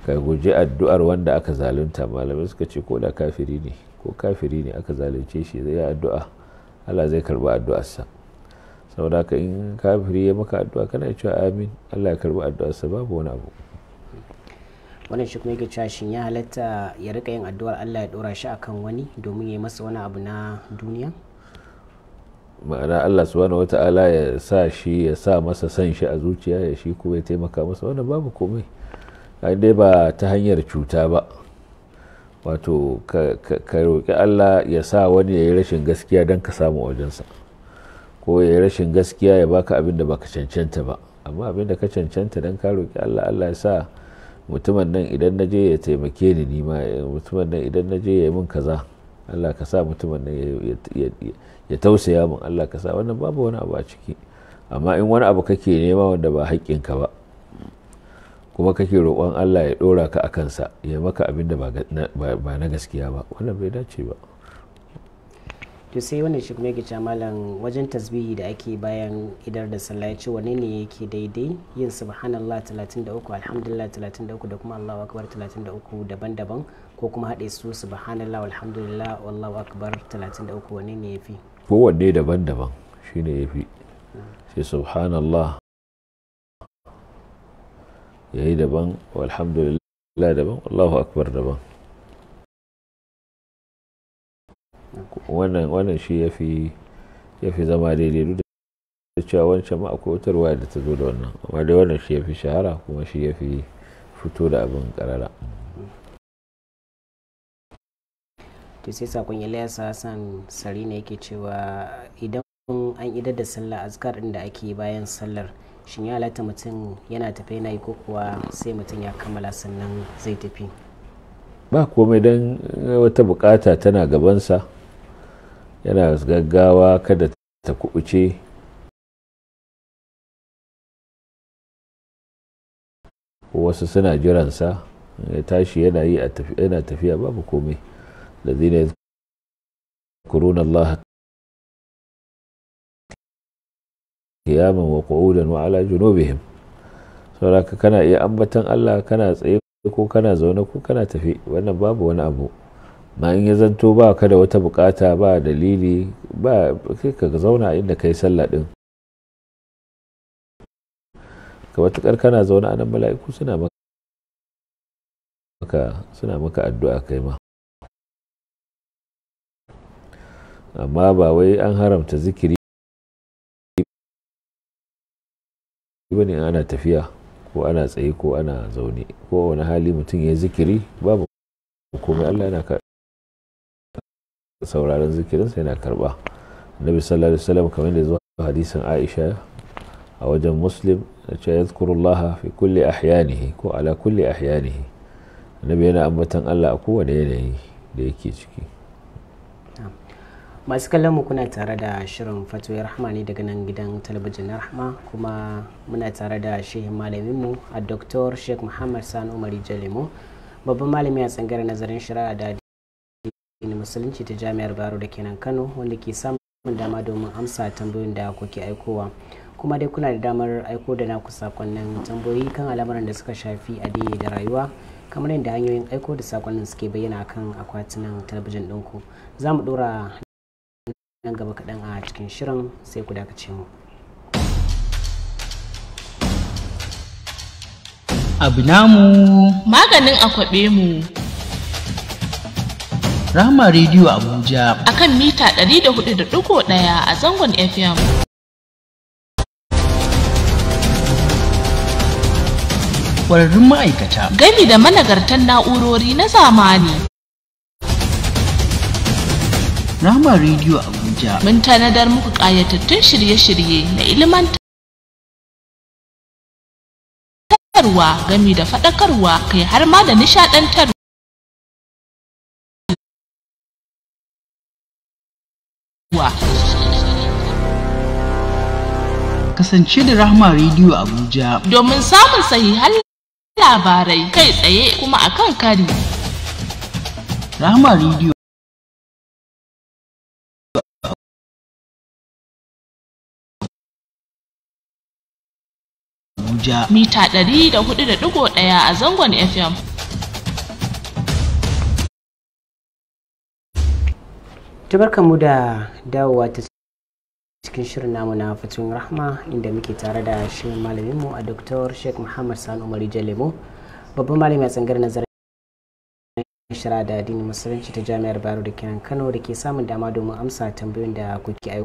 B: ka guji addu'ar wanda aka zalunta malamai suka ce ko da kafiri ne ko kafiri ne aka zalunce shi zai addu'a Allah zai karba sa. saboda ka in kafiri ya maka addu'a kana cewa amin Allah ya karbi sa babu wani abu
A: wannan shi kuma yake cewa shin ya halatta ya rika yin addu'ar Allah ya dora shi akan wani domin ya masa wani abu na duniya
B: ma'ana Allah subhanahu wata'ala ya sa shi ya sa masa san shi a zuciya ya shi kuma ya taimaka masa wannan babu komai dai ba ta hanyar cuta ba wato ka roƙi Allah ya sa wani ya yi rashin gaskiya don ka samu wajensa ko ya rashin gaskiya ya baka abin da baka cancanta ba amma abin da ka cancanta don ka roki Allah Allah ya sa mutumin nan idan na je ya taimake ni ni ma eh, mutumin nan idan na je ya min kaza Allah ka sa mutumin nan ya tausaya min Allah ka sa wannan babu wani abu a ciki amma in wani abu kake nema wanda ba haƙƙinka ba kuma kake roƙon Allah ya ɗora ka a kansa ya maka abin da ba na gaskiya ba wannan bai dace ba.
A: to sai wannan shi kuma yake cewa malam wajen tasbihi da ake bayan idar da sallah ya ce wanne ne yake daidai yin subhanallah 33 alhamdulillah 33 da kuma allahu akbar 33 daban-daban ko kuma haɗe su subhanallah alhamdulillah wallahu akbar 33 wani ne yafi
B: kowanne daban-daban shine yafi sai subhanallah yayi daban walhamdulillah daban wallahu akbar daban wannan shi ya fi zama daidai duk da cewa wancan ma akwai wata da ta zo da wannan amma dai wannan shi ya fi shahara kuma shi ya fi fito da abin karara
A: to sai sakon ilayasa hassan sari ne yake cewa idan an idar da sallar azkar din da ake bayan sallar shin ya halatta mutum yana tafe na yi ko kuwa sai mutum ya kammala sannan zai tafi
B: ba komai don wata bukata tana gabansa yana gaggawa kada ta kubuce wasu suna jiransa ya tashi yana yi yana tafiya babu komai da zina kuruna Allah kiyaman wa qu'udan wa ala junubihim saboda kana iya ambatan Allah kana tsaye ko kana zaune ko kana tafi wannan babu wani abu ma in ya zanto ba ka da wata bukata ba dalili ba kai ka zauna inda kai sallah din ka matukar kana zaune a nan mala'iku suna maka suna maka addu'a kai ma amma ba wai an haramta zikiri ba ne ana tafiya ko ana tsaye ko ana zaune ko wani hali mutum ya zikiri babu komai Allah yana sauraron zikirinsa yana karba annabi sallallahu alaihi wasallam kamar da zuwa hadisin aisha a wajen muslim da ce yadhkurullah fi a ahyanihi ko ala kulli ahyanihi annabi yana ambatan Allah a kowane yanayi da yake ciki
A: masu kallon mu kuna tare da shirin fatoyi rahma ne daga nan gidan talabijin na rahma kuma muna tare da shehin malaminmu a doktor sheikh muhammad sanu umari jalimo babban malami a tsangare nazarin shari'a da ne musulunci ta jami'ar baro da kenan kano wanda ke samun dama domin amsa tambayoyin da kuke aikowa kuma dai kuna da damar aiko da naku sakonnin tambayoyi kan al'amuran da suka shafi addini da rayuwa kamar yadda hanyoyin aiko da sakonnin suke bayyana kan akwatunan talabijin ɗinku za mu ɗora nan gaba kaɗan a cikin shirin sai ku dakace mu. abu namu maganin akwabe mu Rama Radio Abuja. Akan mita 104.1 a zangon FM. Kwararrun ma'aikata. Gami da managartan na'urori na zamani. Rama Radio Abuja. Mun tanadar muku ƙayatattun shirye-shirye na ilimanta.
C: gami da faɗakarwa kai har ma da nishaɗantar zuwa.
A: Kasance da Rahma Radio Abuja. Domin samun sahihan labarai kai tsaye kuma a kan kari.
C: Rahama Radio Abuja.
A: Mita ɗaya a zangon FM. mu da dawowa ta cikin shirin namu na fatun rahma inda muke tare da shirin malaminmu a Dr. Sheikh Muhammad Sani Umar Jalemo babban malami a tsangar nazarin shara da addinin musulunci ta jami'ar Bayero da kenan Kano da ke samun dama domin amsa tambayoyin da kuke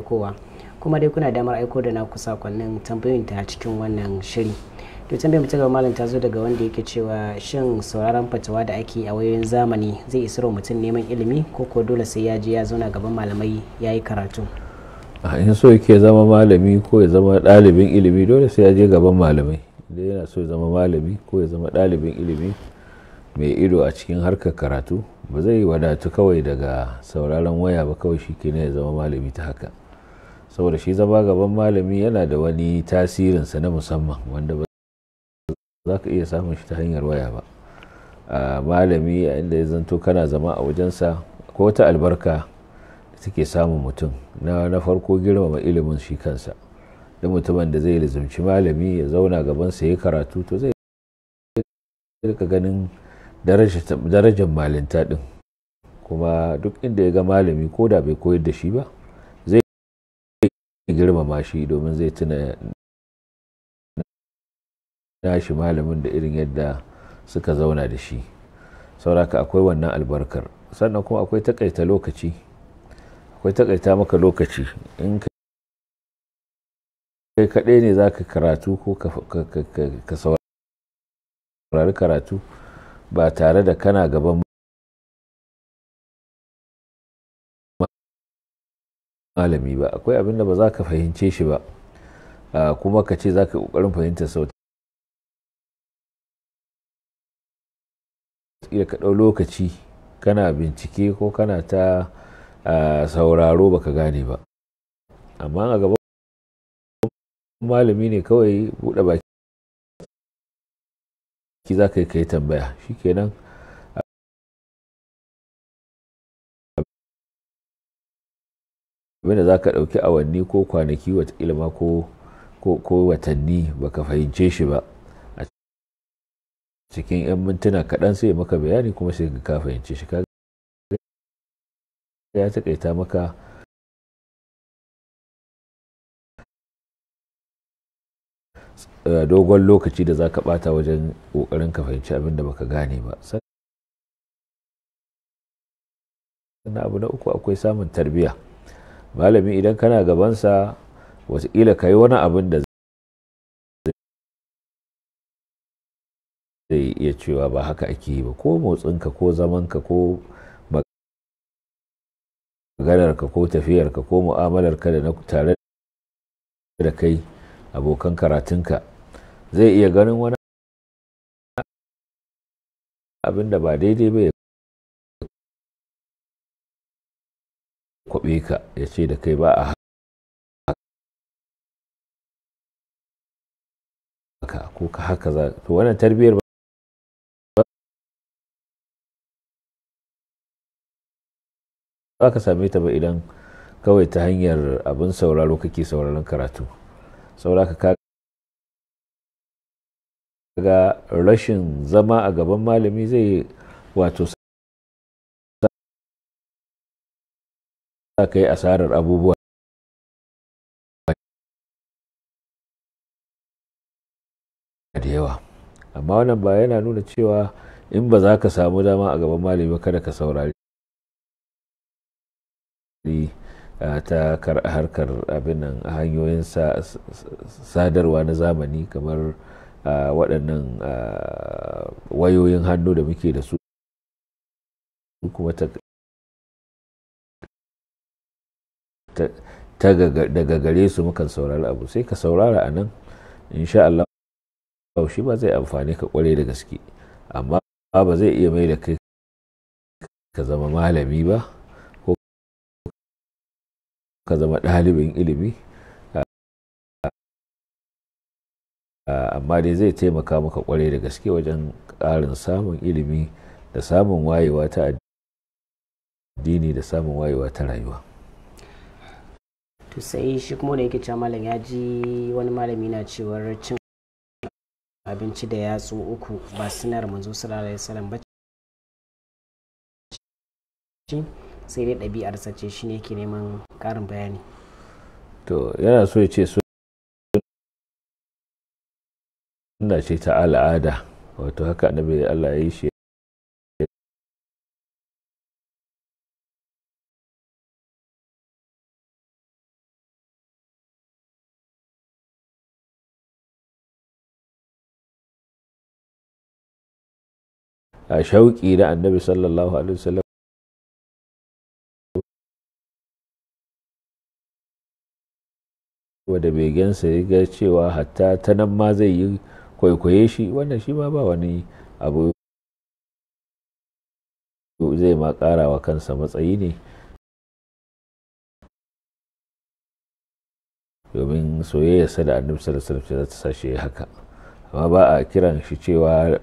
A: aikowa kuma dai kuna damar aiko da na kusa sakonnin tambayoyin ta cikin wannan shiri. to tambayar mu ta gaba malam ta zo daga wanda yake cewa shin sauraron fatawa da ake a wayoyin zamani zai isar wa mutum neman ilimi ko ko dole sai ya je ya zauna gaban malamai ya yi karatu
B: a in so yake zama malami ko ya zama ɗalibin ilimi dole sai ya je gaban malamai idan yana so ya zama malami ko ya zama ɗalibin ilimi mai ido a cikin harkar karatu ba zai wadatu kawai daga sauraron waya ba kawai shi kenan ya zama malami ta haka saboda shi zama gaban malami yana da wani tasirinsa na musamman wanda ba za ka iya samun shi ta hanyar waya ba a malami a inda ya zanto kana zama a wajensa ko ta albarka da take samun mutum na farko girmama ilimin shi kansa da mutumin da zai lizumci malami ya zauna gabansa ya karatu to zai rika ganin darajar malinta din kuma duk inda ya ga malami ko da bai koyar da shi ba zai girmama shi domin zai tuna shi malamin da irin yadda suka zauna da shi sauraka akwai wannan albarkar sannan kuma akwai takaita lokaci akwai takaita maka lokaci in kai kaɗai ne za ka karatu ko ka saurari karatu ba tare da kana gaban malami ba akwai abin da ba za ka fahimce shi ba ah, kuma ka ce za ka ƙoƙarin fahimtar sauti iya kaɗau lokaci kana bincike ko kana ta sauraro baka gane ba amma a gaba malami ne kawai buɗe baki ki za ka yi ka yi tambaya shikenan abinda za ka ɗauki awanni ko kwanaki watakila ma ko watanni baka fahimce shi ba cikin 'yan mintuna kaɗan sai maka bayani kuma sai ka fahimci shi ka ya taƙaita maka dogon lokaci da za ka bata wajen ƙoƙarin ka fahimci abin da baka gane ba sannan abu na uku akwai samun tarbiyya malami idan kana gabansa ila ka yi wani abin da zai iya cewa ba haka ake yi ba ko motsinka ko zamanka ko maganarka ko tafiyarka ko mu'amalarka da na tare da kai abokan karatunka zai iya ganin wani abin da ba daidai ba ya kwabe ka ya ce da kai ba a haka ko ka haka za to wannan tarbiyyar ka same ta ba idan kawai ta hanyar abin sauraro kake sauraron karatu sauraka ka ga rashin zama a gaban malami zai wato sa ka yi asarar abubuwa da yawa amma wannan ba yana nuna cewa in ba za ka samu dama a gaban malami ba kada ka saurari ne ah, ta harkar abin nan hanyoyin sadarwa na zamani kamar ah, waɗannan ah, wayoyin hannu da muke da su kuma daga gare su mukan saurari abu sai ka saurara a nan insha Allah shi ba zai amfani ka kware da gaske amma ba zai iya mai da kai ka zama malami ba ka zama ɗalibin ilimi ah, ah, amma dai zai taimaka maka kwarai da gaske wajen ƙarin samun ilimi da samun wayewa ta addini da samun wayewa ta rayuwa
A: sai shi kuma da yake cewa malam ya ji wani malami na cewar cin abinci da yatsu uku ba sinar manzo sallallahu alaihi wasallam ba sai dai ɗabi'arsa ce shi ne ke neman ƙarin bayani
B: to yana so ya ce suna ce ta al'ada wato haka annabi Allah ya yi shi
C: a shauƙi na annabi sallallahu
B: alaihi wasallam wadda begensa ya ga cewa hatta ta nan ma zai yi kwaikwaye shi wannan shi ma ba wani abu zai ma kara wa kansa matsayi ne domin soyayyarsa da annabi sallallahu alaihi wasallam ta sashe haka amma ba a kiran shi cewa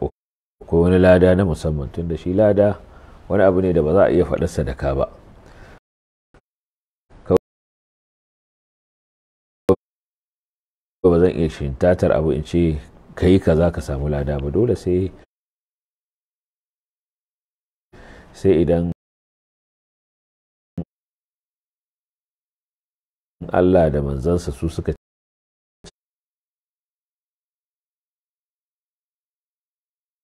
B: ko wani lada na musamman tunda shi lada wani abu ne da ba za a iya faɗarsa da ka ba ba zan iya shintatar abu in ce ka yi kaza ka samu lada ba dole sai sai idan Allah da manzansa su suka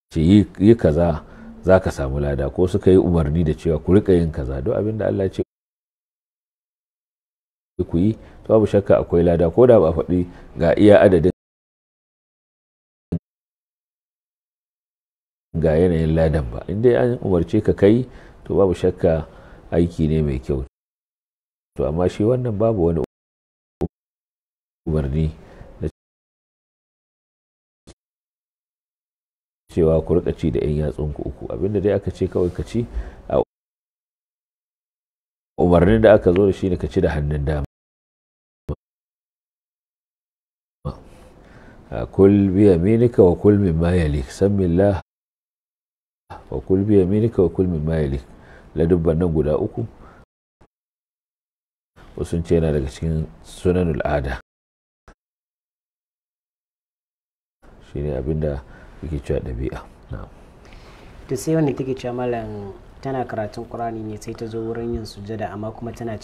B: ce yi kaza za ka samu lada ko suka yi umarni da cewa ku riƙa yin kaza duk abin da Allah ce ku yi babu shakka akwai lada ko da ba faɗi ga iya adadin ga yanayin ladan ba inda an umarce ka kai to babu shakka aiki ne mai kyau to amma shi wannan babu wani umarni da cewa ku da 'yan yatsun ku uku abinda dai aka ce kawai ka ci a umarnin da aka zo da shi ne ka ci da hannun dama كل بيمينك وكل مما يليك سمي الله وكل بيمينك وكل مما يليك لدب kul أكو yalik ladubban nan guda uku sun ce yana daga cikin sunan ada shine abinda yake cewa ɗabi'a
A: to sai wanda take cewa malam tana karatun qur'ani ne sai ta zo wurin yin sujada amma kuma tana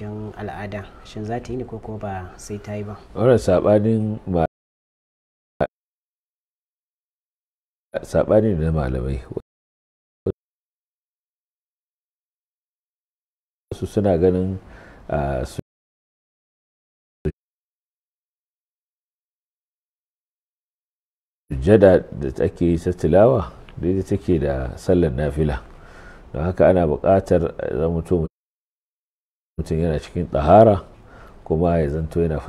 A: cikin al'ada shin za ta yi ne ko ko ba sai ta yi ba
B: wannan sabanin ba sabanin da malamai su suna ganin a su jada da take yi ta tilawa daidai take da sallar nafila don haka ana buƙatar zamanto mutum yana cikin ɗahara kuma ya zanto yana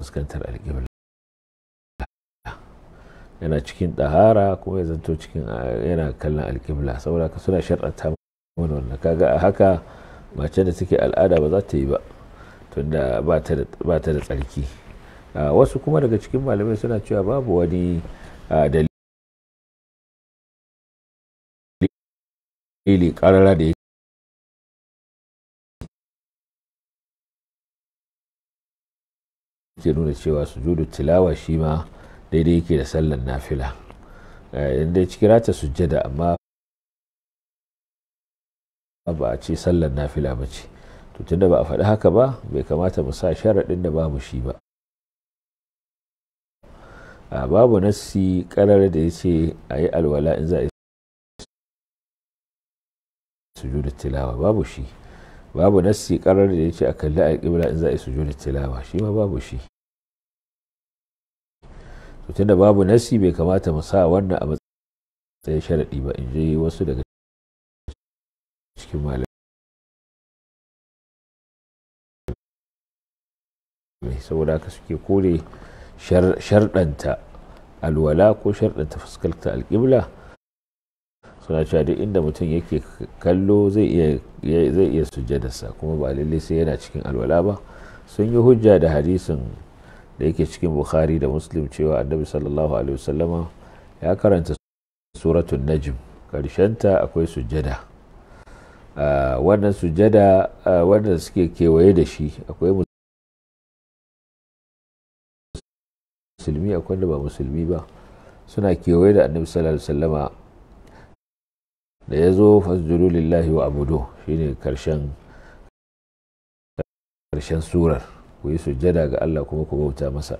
B: fuskantar alƙibla yana cikin ɗahara kuma ya zanto cikin yana kallon alƙibla saboda ka suna shar'anta mana wannan kaga a haka mace da suke al'ada ba za ta yi ba tunda ba ta da tsarki wasu kuma daga cikin malamai suna cewa babu wani dalili
C: ƙarara da ya
B: ke nuna cewa sujudu tilawa shi ma daidai yake da sallan nafila inda ya kira rata sujjada amma ba a ce sallan nafila ba ce to tunda ba a faɗi haka ba bai kamata mu sa sharaɗin da babu shi ba a ah, babu nassi karar da ya ce a yi alwala in za a yi sujudu tilawa babu shi babu nassi karar da ya ce a kalli a ƙibla in za a yi sujudu tilawa shi ma babu shi to tunda babu nassi bai kamata mu sa wannan a matsayin sharaɗi ba in je wasu daga cikin malamai saboda haka suke kore sharɗanta alwala ko sharɗanta fuskalta alƙibla suna cewa duk inda mutum yake kallo zai iya sujadarsa kuma ba lalle sai yana cikin alwala ba sun yi hujja da hadisin da yake cikin bukhari da muslim cewa annabi sallallahu alaihi wasallama ya karanta suratun najm karshenta akwai sujjada wannan sujjada wanda suke kewaye da shi akwai musulmi akwai da ba musulmi ba suna kewaye da annabi sallallahu alaihi wasallama da ya zo fasjudu lillahi wa abudu shine karshen karshen surar ku yi sujjada ga Allah kuma ku bauta masa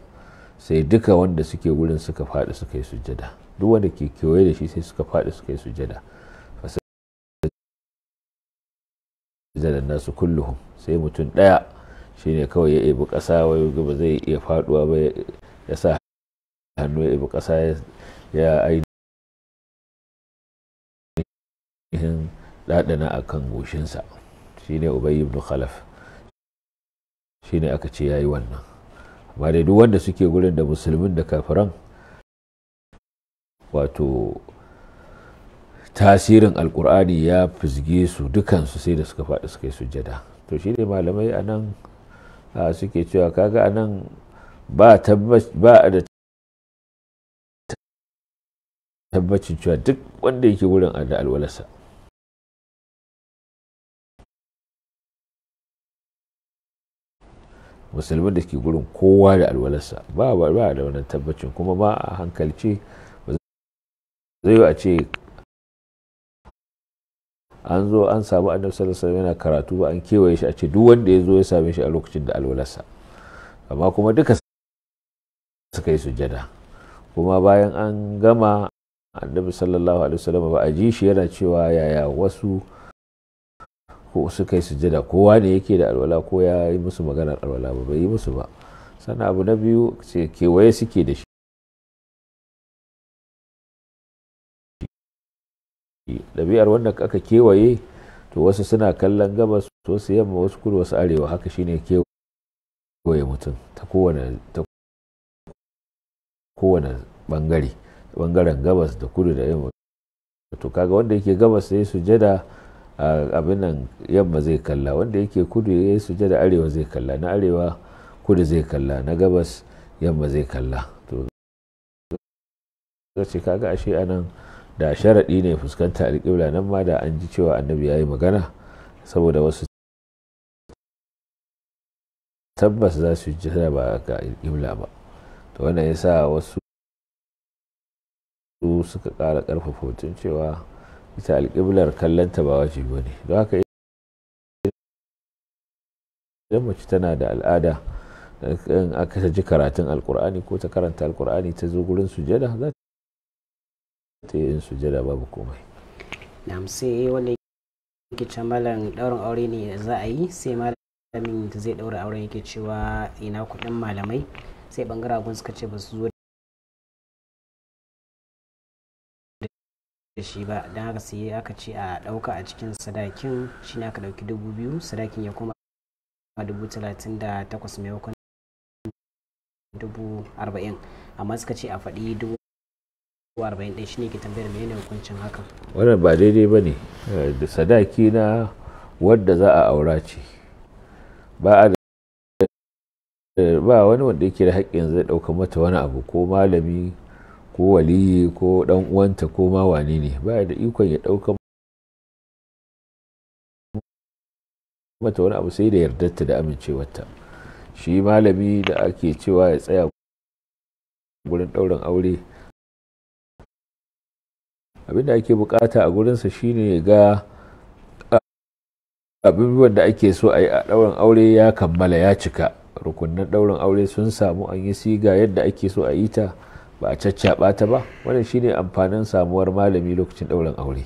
B: sai duka wanda suke wurin suka faɗi suka yi sujjada duk wanda ke kewaye da shi sai suka faɗi suka yi sujjada da nasu kulluhum sai mutum ɗaya shine kawai ya ebi kasa wai ba zai iya faduwa ba ya sa hannu ya ebi kasa ya aini ainihin ɗaɗana a kan goshinsa shi ne ubayi ibn khalaf shi ne aka ce ya yi wannan ba da duk wanda suke gurin da musulmin da kafiran wato tasirin alkur'ani ya fizge su dukansu sai da suka faɗi suka yi sujada to shi malamai a nan suke cewa kaga a nan ba da tabbacin cewa duk wanda yake wurin da alwalarsa musulmin da ke gurin kowa da alwalarsa ba ba ba da wannan tabbacin kuma ba a hankalce zai a ce an zo an samu annabi sallallahu alaihi yana karatu ba an kewaye shi a ce duk wanda ya zo ya same shi a lokacin da alwalarsa amma kuma duka suka yi sujada kuma bayan an gama annabi sallallahu alaihi wasallam ba a ji shi yana cewa yaya wasu ko suka yi jida kowa ne yake da alwala ko ya yi musu maganar alwala ba bai yi musu ba sannan abu na biyu ce kewaye suke da shi ɗabi'ar wanda aka kewaye to wasu suna kallon gabas su yamma wasu kudu wasu arewa haka shine kewaye mutum ta kowane bangare bangaren gabas da kudu da yamma to kaga wanda yake gabas sai su jada. abin nan yamma zai kalla wanda yake kudu ya yi suje da arewa zai kalla na arewa kudu zai kalla na gabas yamma zai kalla to ce ga ashe anan da sharaɗi ne fuskanta alƙibla nan ma da an ji cewa annabi ya yi magana saboda wasu tabbas za su ji ba ga alƙibla ba to wannan ya sa wasu suka ƙara ƙarfafa cewa ita alƙiblar kallonta ba wajibi ba ne don haka idan mace tana da al'ada in aka ji karatun alƙur'ani ko ta karanta alƙur'ani ta zo gurin sujada za ta yi sujada babu komai
A: na sai wanda yake ce malam ɗaurin aure ne za a yi sai malamin da zai ɗaura auren yake cewa ina kuɗin malamai sai bangara abun suka ce ba
C: su zo da shi ba don
A: haka sai aka ce a ɗauka a cikin sadakin shi ne aka ɗauki dubu biyu sadakin ya koma dubu talatin da takwas maimakon dubu arba'in amma suka ce a faɗi dubu arba'in ɗin shi ne ke tambayar mai yanayin hukuncin hakan
B: wannan ba daidai ba ne da sadaki na wadda za a aura ce ba a ba wani wanda yake da haƙƙin zai ɗauka mata wani abu ko malami ko waliyi ko dan uwanta ko ma wane ne baya da ikon ya ɗauka mata wani abu sai da yardarta da amincewarta shi malami da ake cewa ya tsaya gurin dauran aure abinda ake bukata a gurinsa shine ga abubuwan da ake so a yi a ɗaurin aure ya kammala ya cika rukunan ɗaurin aure sun samu an yi siga yadda ake so a yi ta ba a caccaɓa ta ba wannan shine amfanin samuwar malami lokacin ɗaurin aure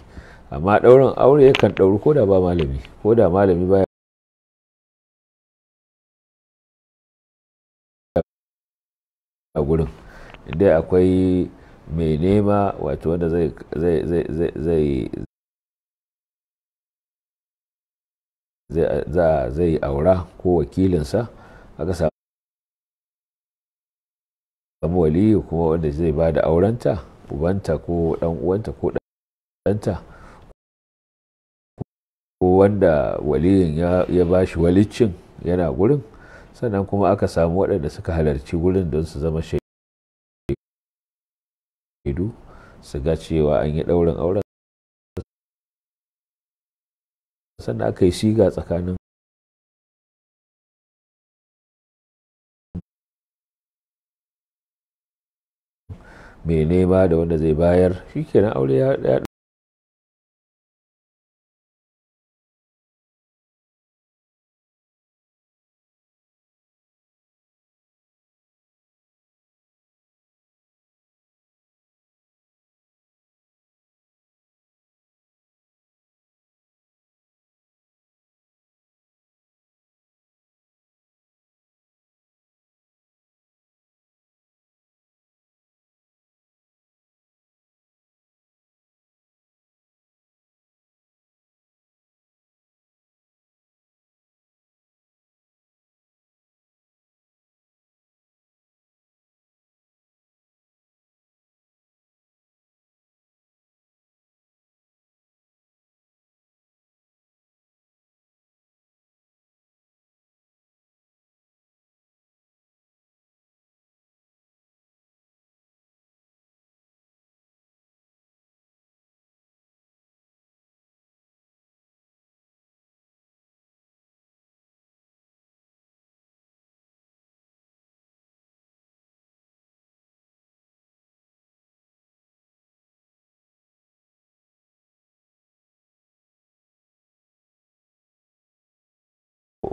B: amma ɗaurin aure yakan ɗauri ko da ba malami ko da malami baya a gurin dai akwai mai nema wato wanda zai zai zai zai aura ko wakilinsa aka samu samu waliyu kuma wanda zai ba da aurenta ubanta ko dan uwanta ko ɗanta ko wanda waliyin ya ba shi walicin yana gurin sannan kuma aka samu waɗanda suka halarci gurin don su zama shaidu su ga cewa an yi ɗaurin auren
C: sannan aka yi shiga tsakanin mai nema da wanda zai bayar shi kenan aure ya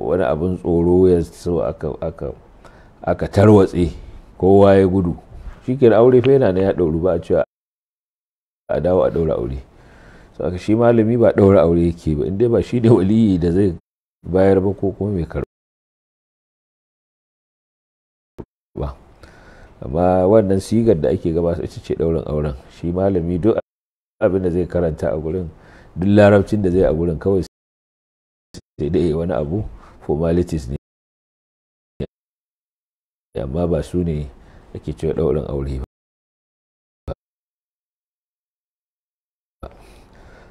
C: wani
B: abin tsoro ya so aka tarwatse kowa ya gudu shikin aure fa yana na ya ɗauri ba a cewa a dawo a ɗaura aure so aka shi malami ba ɗaura aure yake ba inda ba shi da waliyi da zai bayar ba ko kuma mai karɓa ba amma wannan sigar da ake gabata ita ce ɗaurin auren shi malami duk abin da zai karanta a gurin duk larabcin da zai a gurin kawai sai dai wani abu formalities ne amma ba su ne ake cewa ɗaurin aure ba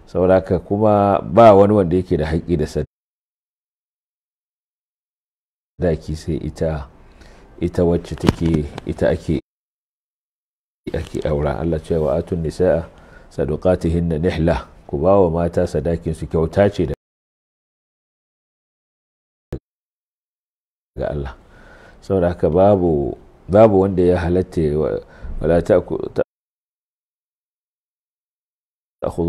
B: sauraka kuma ba wani wanda yake da haƙƙi da sadaki sai ita ita wacce take ita ake ake aura Allah cewa atun nisa'a sadaqatihinna nihla ku ba wa mata sadakin su kyauta ce da ga Allah saboda haka babu babu wanda ya halatta wala ta akhudhu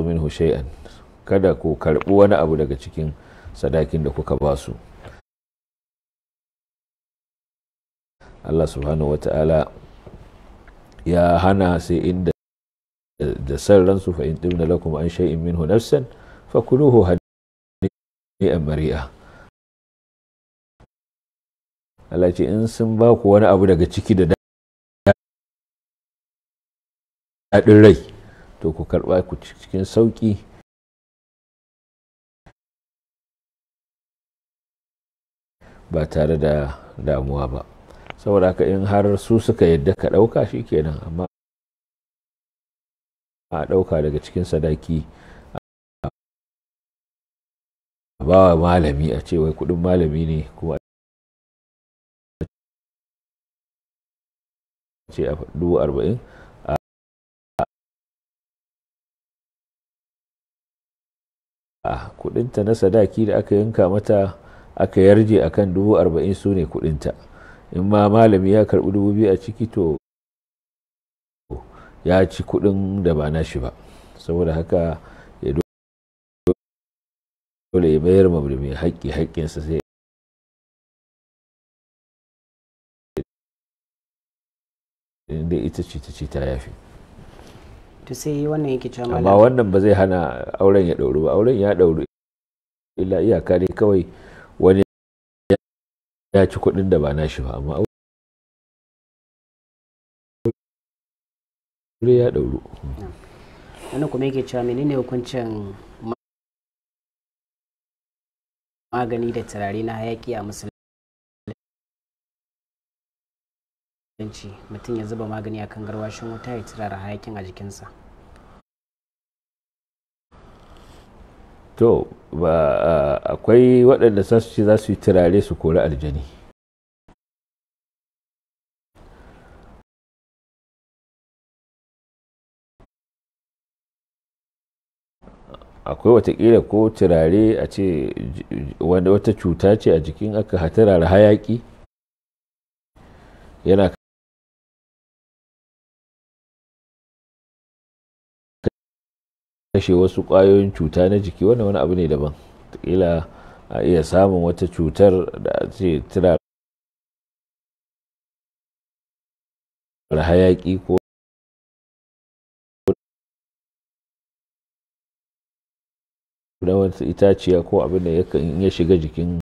B: minhu shay'an kada ku karbi wani abu daga cikin sadakin da kuka ba su Allah subhanahu wata'ala ya hana sai inda da san ransu fa in tibna lakum an shay'in minhu nafsan fakuluhu hadiyan mari'a Allah ce in sun ba ku wani abu daga ciki da daɗin rai to ku karɓa ku cikin sauƙi ba tare da damuwa ba saboda haka in har su suka yadda ka ɗauka shi kenan amma a ɗauka daga cikin sadaki ba malami a ce wai kudin malami
C: ne kuma ce
B: a dubu arba'in a kudinta na sadaki da aka yanka mata aka yarje akan dubu arba'in su ne kudinta in ma malami ya karbi dubu biyu a ciki to ya ci kudin da ba na shi ba saboda haka dole ya mayar ma mai haƙƙi haƙƙinsa sai inda ita ce ta ce ta yafi
A: to sai wannan yake cewa amma
B: wannan ba zai hana auren ya ɗauru ba auren ya ɗauru illa iyaka ne kawai wani
C: ya ci kuɗin da ba na shi ba amma auren
B: ya dauru
A: wani kuma yake cewa menene hukuncin magani da turare na hayaki a musulunci mutum ya zuba magani a kan garwashin wuta ya turara hayakin a jikinsa
B: to akwai waɗanda za su yi turare su kori aljani akwai watakila ko turare a ce wata cuta ce a jikin aka hatarara hayaki yana kashe wasu kwayoyin cuta na jiki wannan wani abu ne daban watakila a iya samun wata cutar da ce turare
C: hayaki ko
B: da wata itaciya ko abin da yakan ya shiga jikin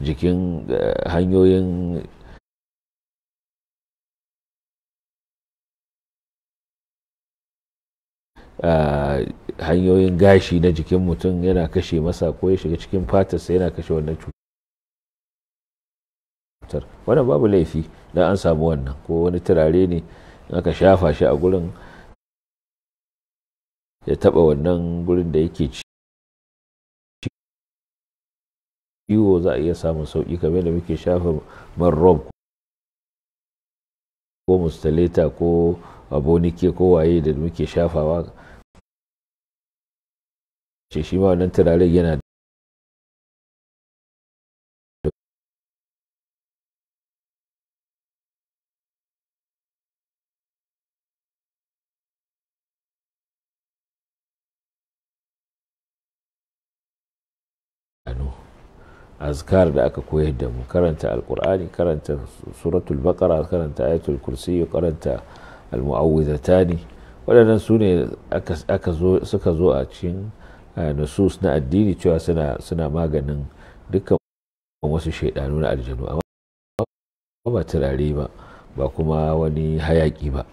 C: jikin eh, hanyoyin
B: hanyoyin gashi na jikin mutum yana kashe masa ko ya shiga cikin fatarsa yana kashe wannan cuta cutar wannan babu laifi da an samu wannan ko wani turare ne aka shafa shi a gurin ya taba wannan gurin da yake ciwo za a iya samun sauki kamar da muke shafa man ko mustaleta ko abonike ko waye da muke shafawa ce shi ma wannan turaren yana azkar da aka koyar da mu karanta alkur'ani karanta suratul baqara karanta ayatul kursi karanta almu'awwidatani waɗannan su ne suka zo a cikin nusus na addini cewa suna maganin dukkan wasu shaidanu na aljanu amma ba turare ba ba kuma wani hayaki ba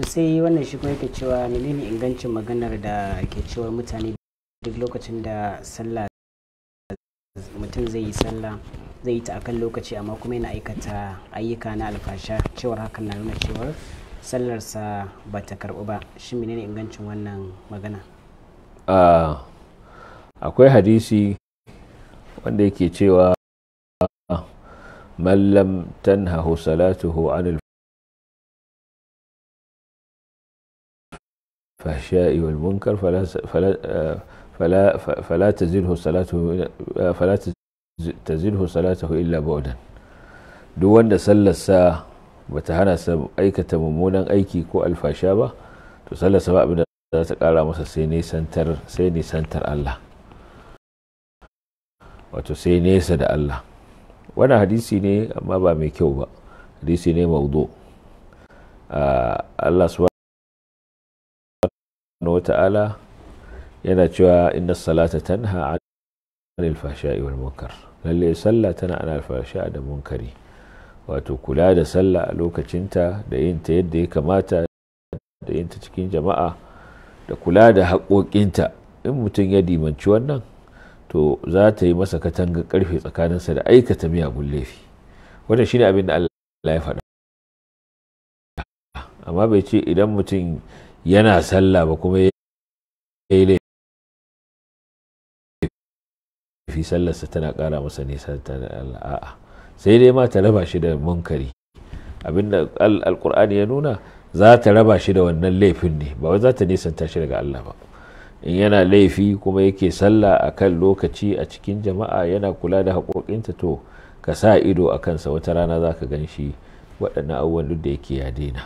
A: to sai wannan shi kuma yake cewa menene ingancin maganar da ke cewa mutane duk lokacin da sallah mutum zai yi sallah zai yi ta akan lokaci amma kuma yana aikata ayyuka na alfasha cewar hakan na nuna cewar sallarsa ba ta karɓu ba shi menene ingancin wannan magana
B: akwai hadisi wanda yake cewa mallam tanhahu salatuhu anil الفحشاء والمنكر فلا فلا فلا فلا تزله صلاته فلا تزله صلاته الا بعدا duk wanda sallarsa bata hana sa aikata mummunan aiki ko alfasha ba to sallarsa ba abin da za ta kara masa sai nisantar sai nisantar Allah wato sai nesa da Allah wannan hadisi ne amma ba mai kyau ba hadisi ne maudu Allah wata'ala yana cewa inna salata tanha anil fashai wal munkar lalle sallah tana ana alfasha da munkari wato kula da sallah a lokacinta da yin ta yadda ya kamata da yin ta cikin jama'a da kula da haƙoƙinta in mutum ya dimanci wannan to za ta yi masa katanga karfe tsakaninsa da aikata miyagun laifi wannan shine abin da Allah ya faɗa amma bai ce idan mutum yana sallah ba kuma ya yi laifi sallarsa tana kara masa nisa ta a'a sai dai ma ta raba shi da munkari abinda alkur'ani ya nuna za ta raba shi da wannan laifin ne ba za ta nisanta shi daga Allah ba in yana laifi kuma yake sallah a kan lokaci a cikin jama'a yana kula da haƙoƙinta to ka sa ido a kansa wata rana za ka gan shi waɗannan abubuwan duk da yake ya daina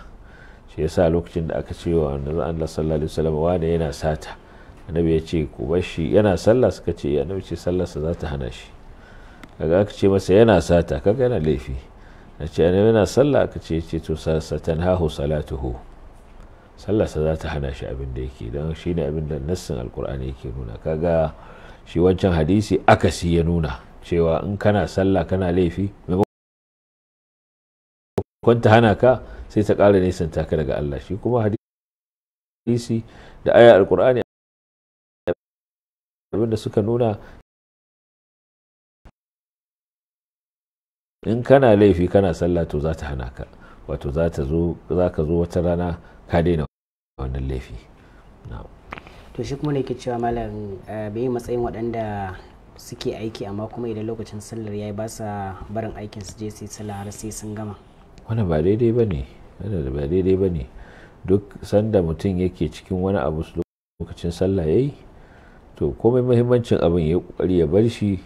B: shi yasa lokacin da aka ce wa annabi sallallahu alaihi wasallam ne yana sata annabi ya ce ku bar shi yana sallah suka ce annabi ce sallarsa za ta hana shi kaga aka ce masa yana sata kaga yana laifi a ce annabi yana sallah aka ce ce to satanhahu salatuhu sallarsa za ta hana shi abin da yake don shi ne abin da nassin alkur'ani yake nuna kaga shi wancan hadisi akasi ya nuna cewa in kana sallah kana laifi kwanta hana ka sai ta kara nisan taka daga Allah shi kuma hadisi da aya alkur'ani abinda suka nuna in kana laifi kana sallah to za ta hana ka wato za zo za ka zo wata rana ka daina wannan laifi
A: to shi kuma ne ke cewa malam eh, bai matsayin waɗanda suke aiki amma kuma idan lokacin sallar ya yi ba sa barin aikin su je su yi sallah har sai sun gama
B: wannan ba daidai ba ne yana da ba daidai ba ne duk sanda mutum yake cikin wani abu lokacin sallah ya yi to komai mahimmancin abin ya kokari ya bar shi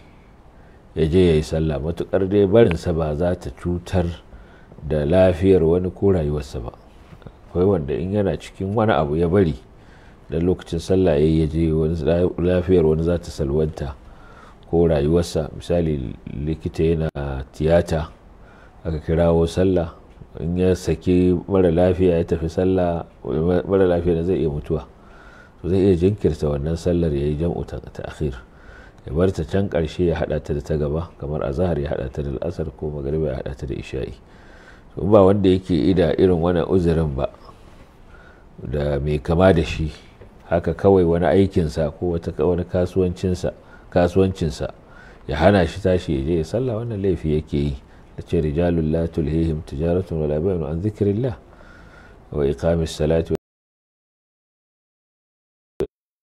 B: ya je ya yi sallah matukar dai barinsa ba za ta cutar da lafiyar wani ko rayuwarsa ba akwai wanda in yana cikin wani abu ya bari dan lokacin sallah ya je lafiyar wani za ta salwanta ko rayuwarsa misali likita yana tiyata aka kirawo sallah in ya saki mara lafiya ya tafi sallah mara lafiya da zai iya mutuwa to zai iya jinkirta wannan sallar ya yi jam'u ta akhir ya bar ta can karshe ya hada ta da ta gaba kamar azahar ya hada ta da al'asar ko magariba ya hada ta da isha'i to ba wanda yake ida irin wani uzurin ba da mai kama da shi haka kawai wani aikinsa ko wata wani kasuwancinsa kasuwancinsa ya hana shi tashi ya je ya sallah wannan laifi yake yi ce rijalun la tulhihim tijaratun wala bay'un an dhikrillah wa iqamis salati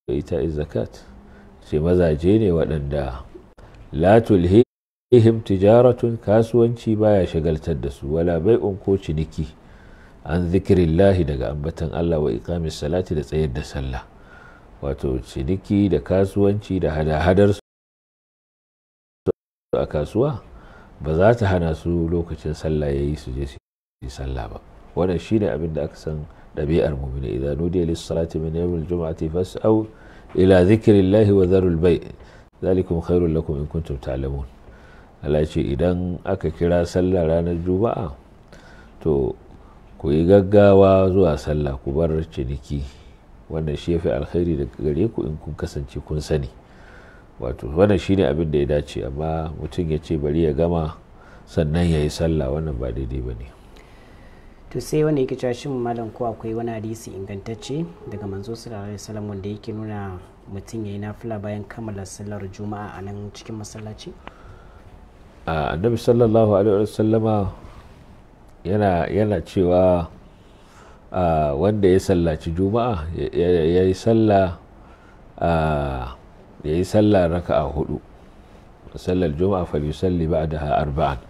B: wa ita'iz zakat ce mazaje ne waɗanda la tulhihim tijaratun kasuwanci baya shagaltar da su wala bai'un ko ciniki an zikirillahi daga ambatan Allah wa iqamis salati da tsayar da sallah wato ciniki da kasuwanci da hada-hadar su a kasuwa ba za ta hana su lokacin sallah ya yi su je su yi sallah ba wannan shi ne abin da aka san ɗabi'ar mumina idan nudiya lis salati min yawmil jum'ati fas'au ila zikrillahi wa zarul bai zalikum khairul lakum in kuntum ta'lamun Allah ce idan aka kira sallah ranar juma'a to ku yi gaggawa zuwa sallah ku bar ciniki wannan shi ya fi alkhairi daga gare ku in kun kasance kun sani wato wannan shine abin da ya dace amma mutum ya ce bari ya gama sannan ya yi sallah wannan ba daidai ba ne
A: to sai wani yake cewa shin malam ko akwai wani hadisi ingantacce daga manzo sallallahu alaihi wasallam wanda yake nuna mutum ya yi nafila bayan kammala sallar juma'a a nan cikin masallaci
B: annabi sallallahu alaihi wasallama yana yana cewa wanda ya sallaci juma'a ya yi sallah ya yi raka raka'a hudu sallar juma'a falisalli ba da arba'an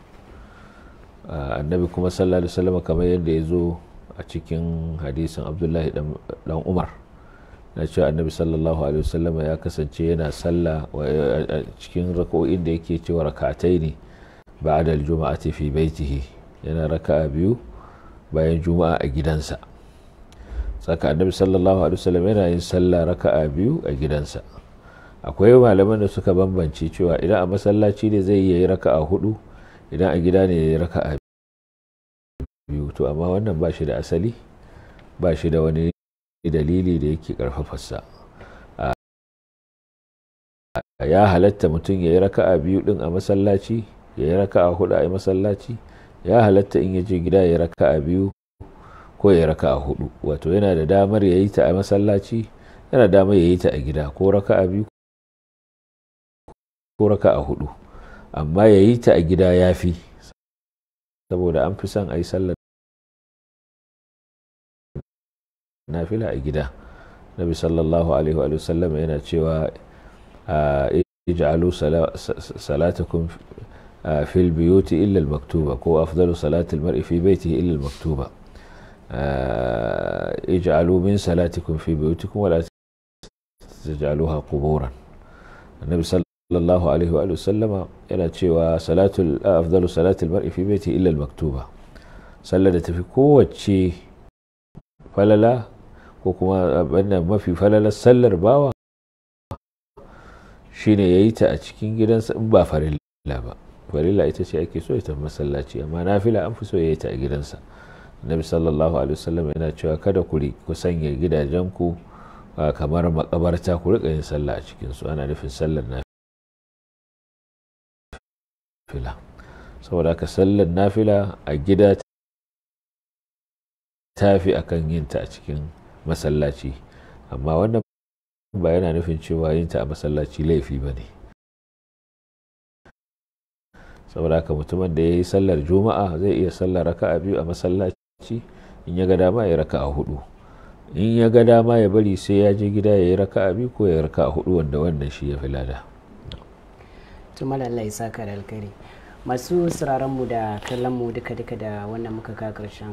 B: ah, annabi kuma sallar alaihi wasallam kamar yadda ya zo a cikin hadisin abdullahi dan umar na cewa annabi sallallahu alaihi wasallam ya kasance yana sallah a cikin raka'o'in da yake cewa rakatai ne ba'da aljuma'ati fi baitihi yana raka'a biyu bayan juma'a a gidansa saka annabi sallallahu alaihi wasallam yana yin sallah raka'a biyu a gidansa akwai malaman da suka bambance cewa idan a masallaci ne zai yi yi a hudu idan a gida ne ya yi a biyu to amma wannan ba shi da asali ba shi da wani dalili da yake karfafarsa ya halatta mutum ya yi raka a biyu din a masallaci ya yi raka a hudu a masallaci ya halatta in ya je gida ya yi raka a biyu ko ya yi raka a hudu wato yana da damar ya yi ta a masallaci yana damar ya yi ta a gida ko raka a biyu ko raka a hudu amma ya yi ta a gida ya fi saboda an fi son a yi sallar na fila a gida nabi sallallahu alaihi wa sallam yana cewa ij'alu salatakum fil biyuti illa maktuba ko afdalu salatil mar'i fi baitihi illa maktuba ij'alu min salatikum fi biyutikum wa la taj'aluha quburan annabi sallallahu alaihi wa sallama yana cewa salatul afdalu salatul mar'i fi baiti illa al-maktuba sallar da tafi kowace falala ko kuma wannan mafi falalar sallar bawa shine yayi ta a cikin gidansa in ba farilla ba farilla ita ce ake so ya tafi masallaci amma nafila an fi so yayi ta a gidansa nabi sallallahu alaihi wasallam yana cewa kada ku ku sanya gidajenku kamar makabarta ku rika yin sallah a cikin su ana nufin sallar sauraka saboda haka sallar nafila a gida ta tafi akan yin ta a cikin masallaci amma wannan ba yana nufin cewa yinta a masallaci laifi ba ne saboda haka mutumin da ya yi sallar juma'a zai iya sallar raka biyu a masallaci in ya ga dama ya raka a hudu in ya ga dama ya bari sai ya je gida ya yi a biyu ko ya raka a hudu wanda wannan shi ya fi lada
A: tumar Allah ya saka da masu sauraron mu da kallon mu duka duka da wannan muka ka karshen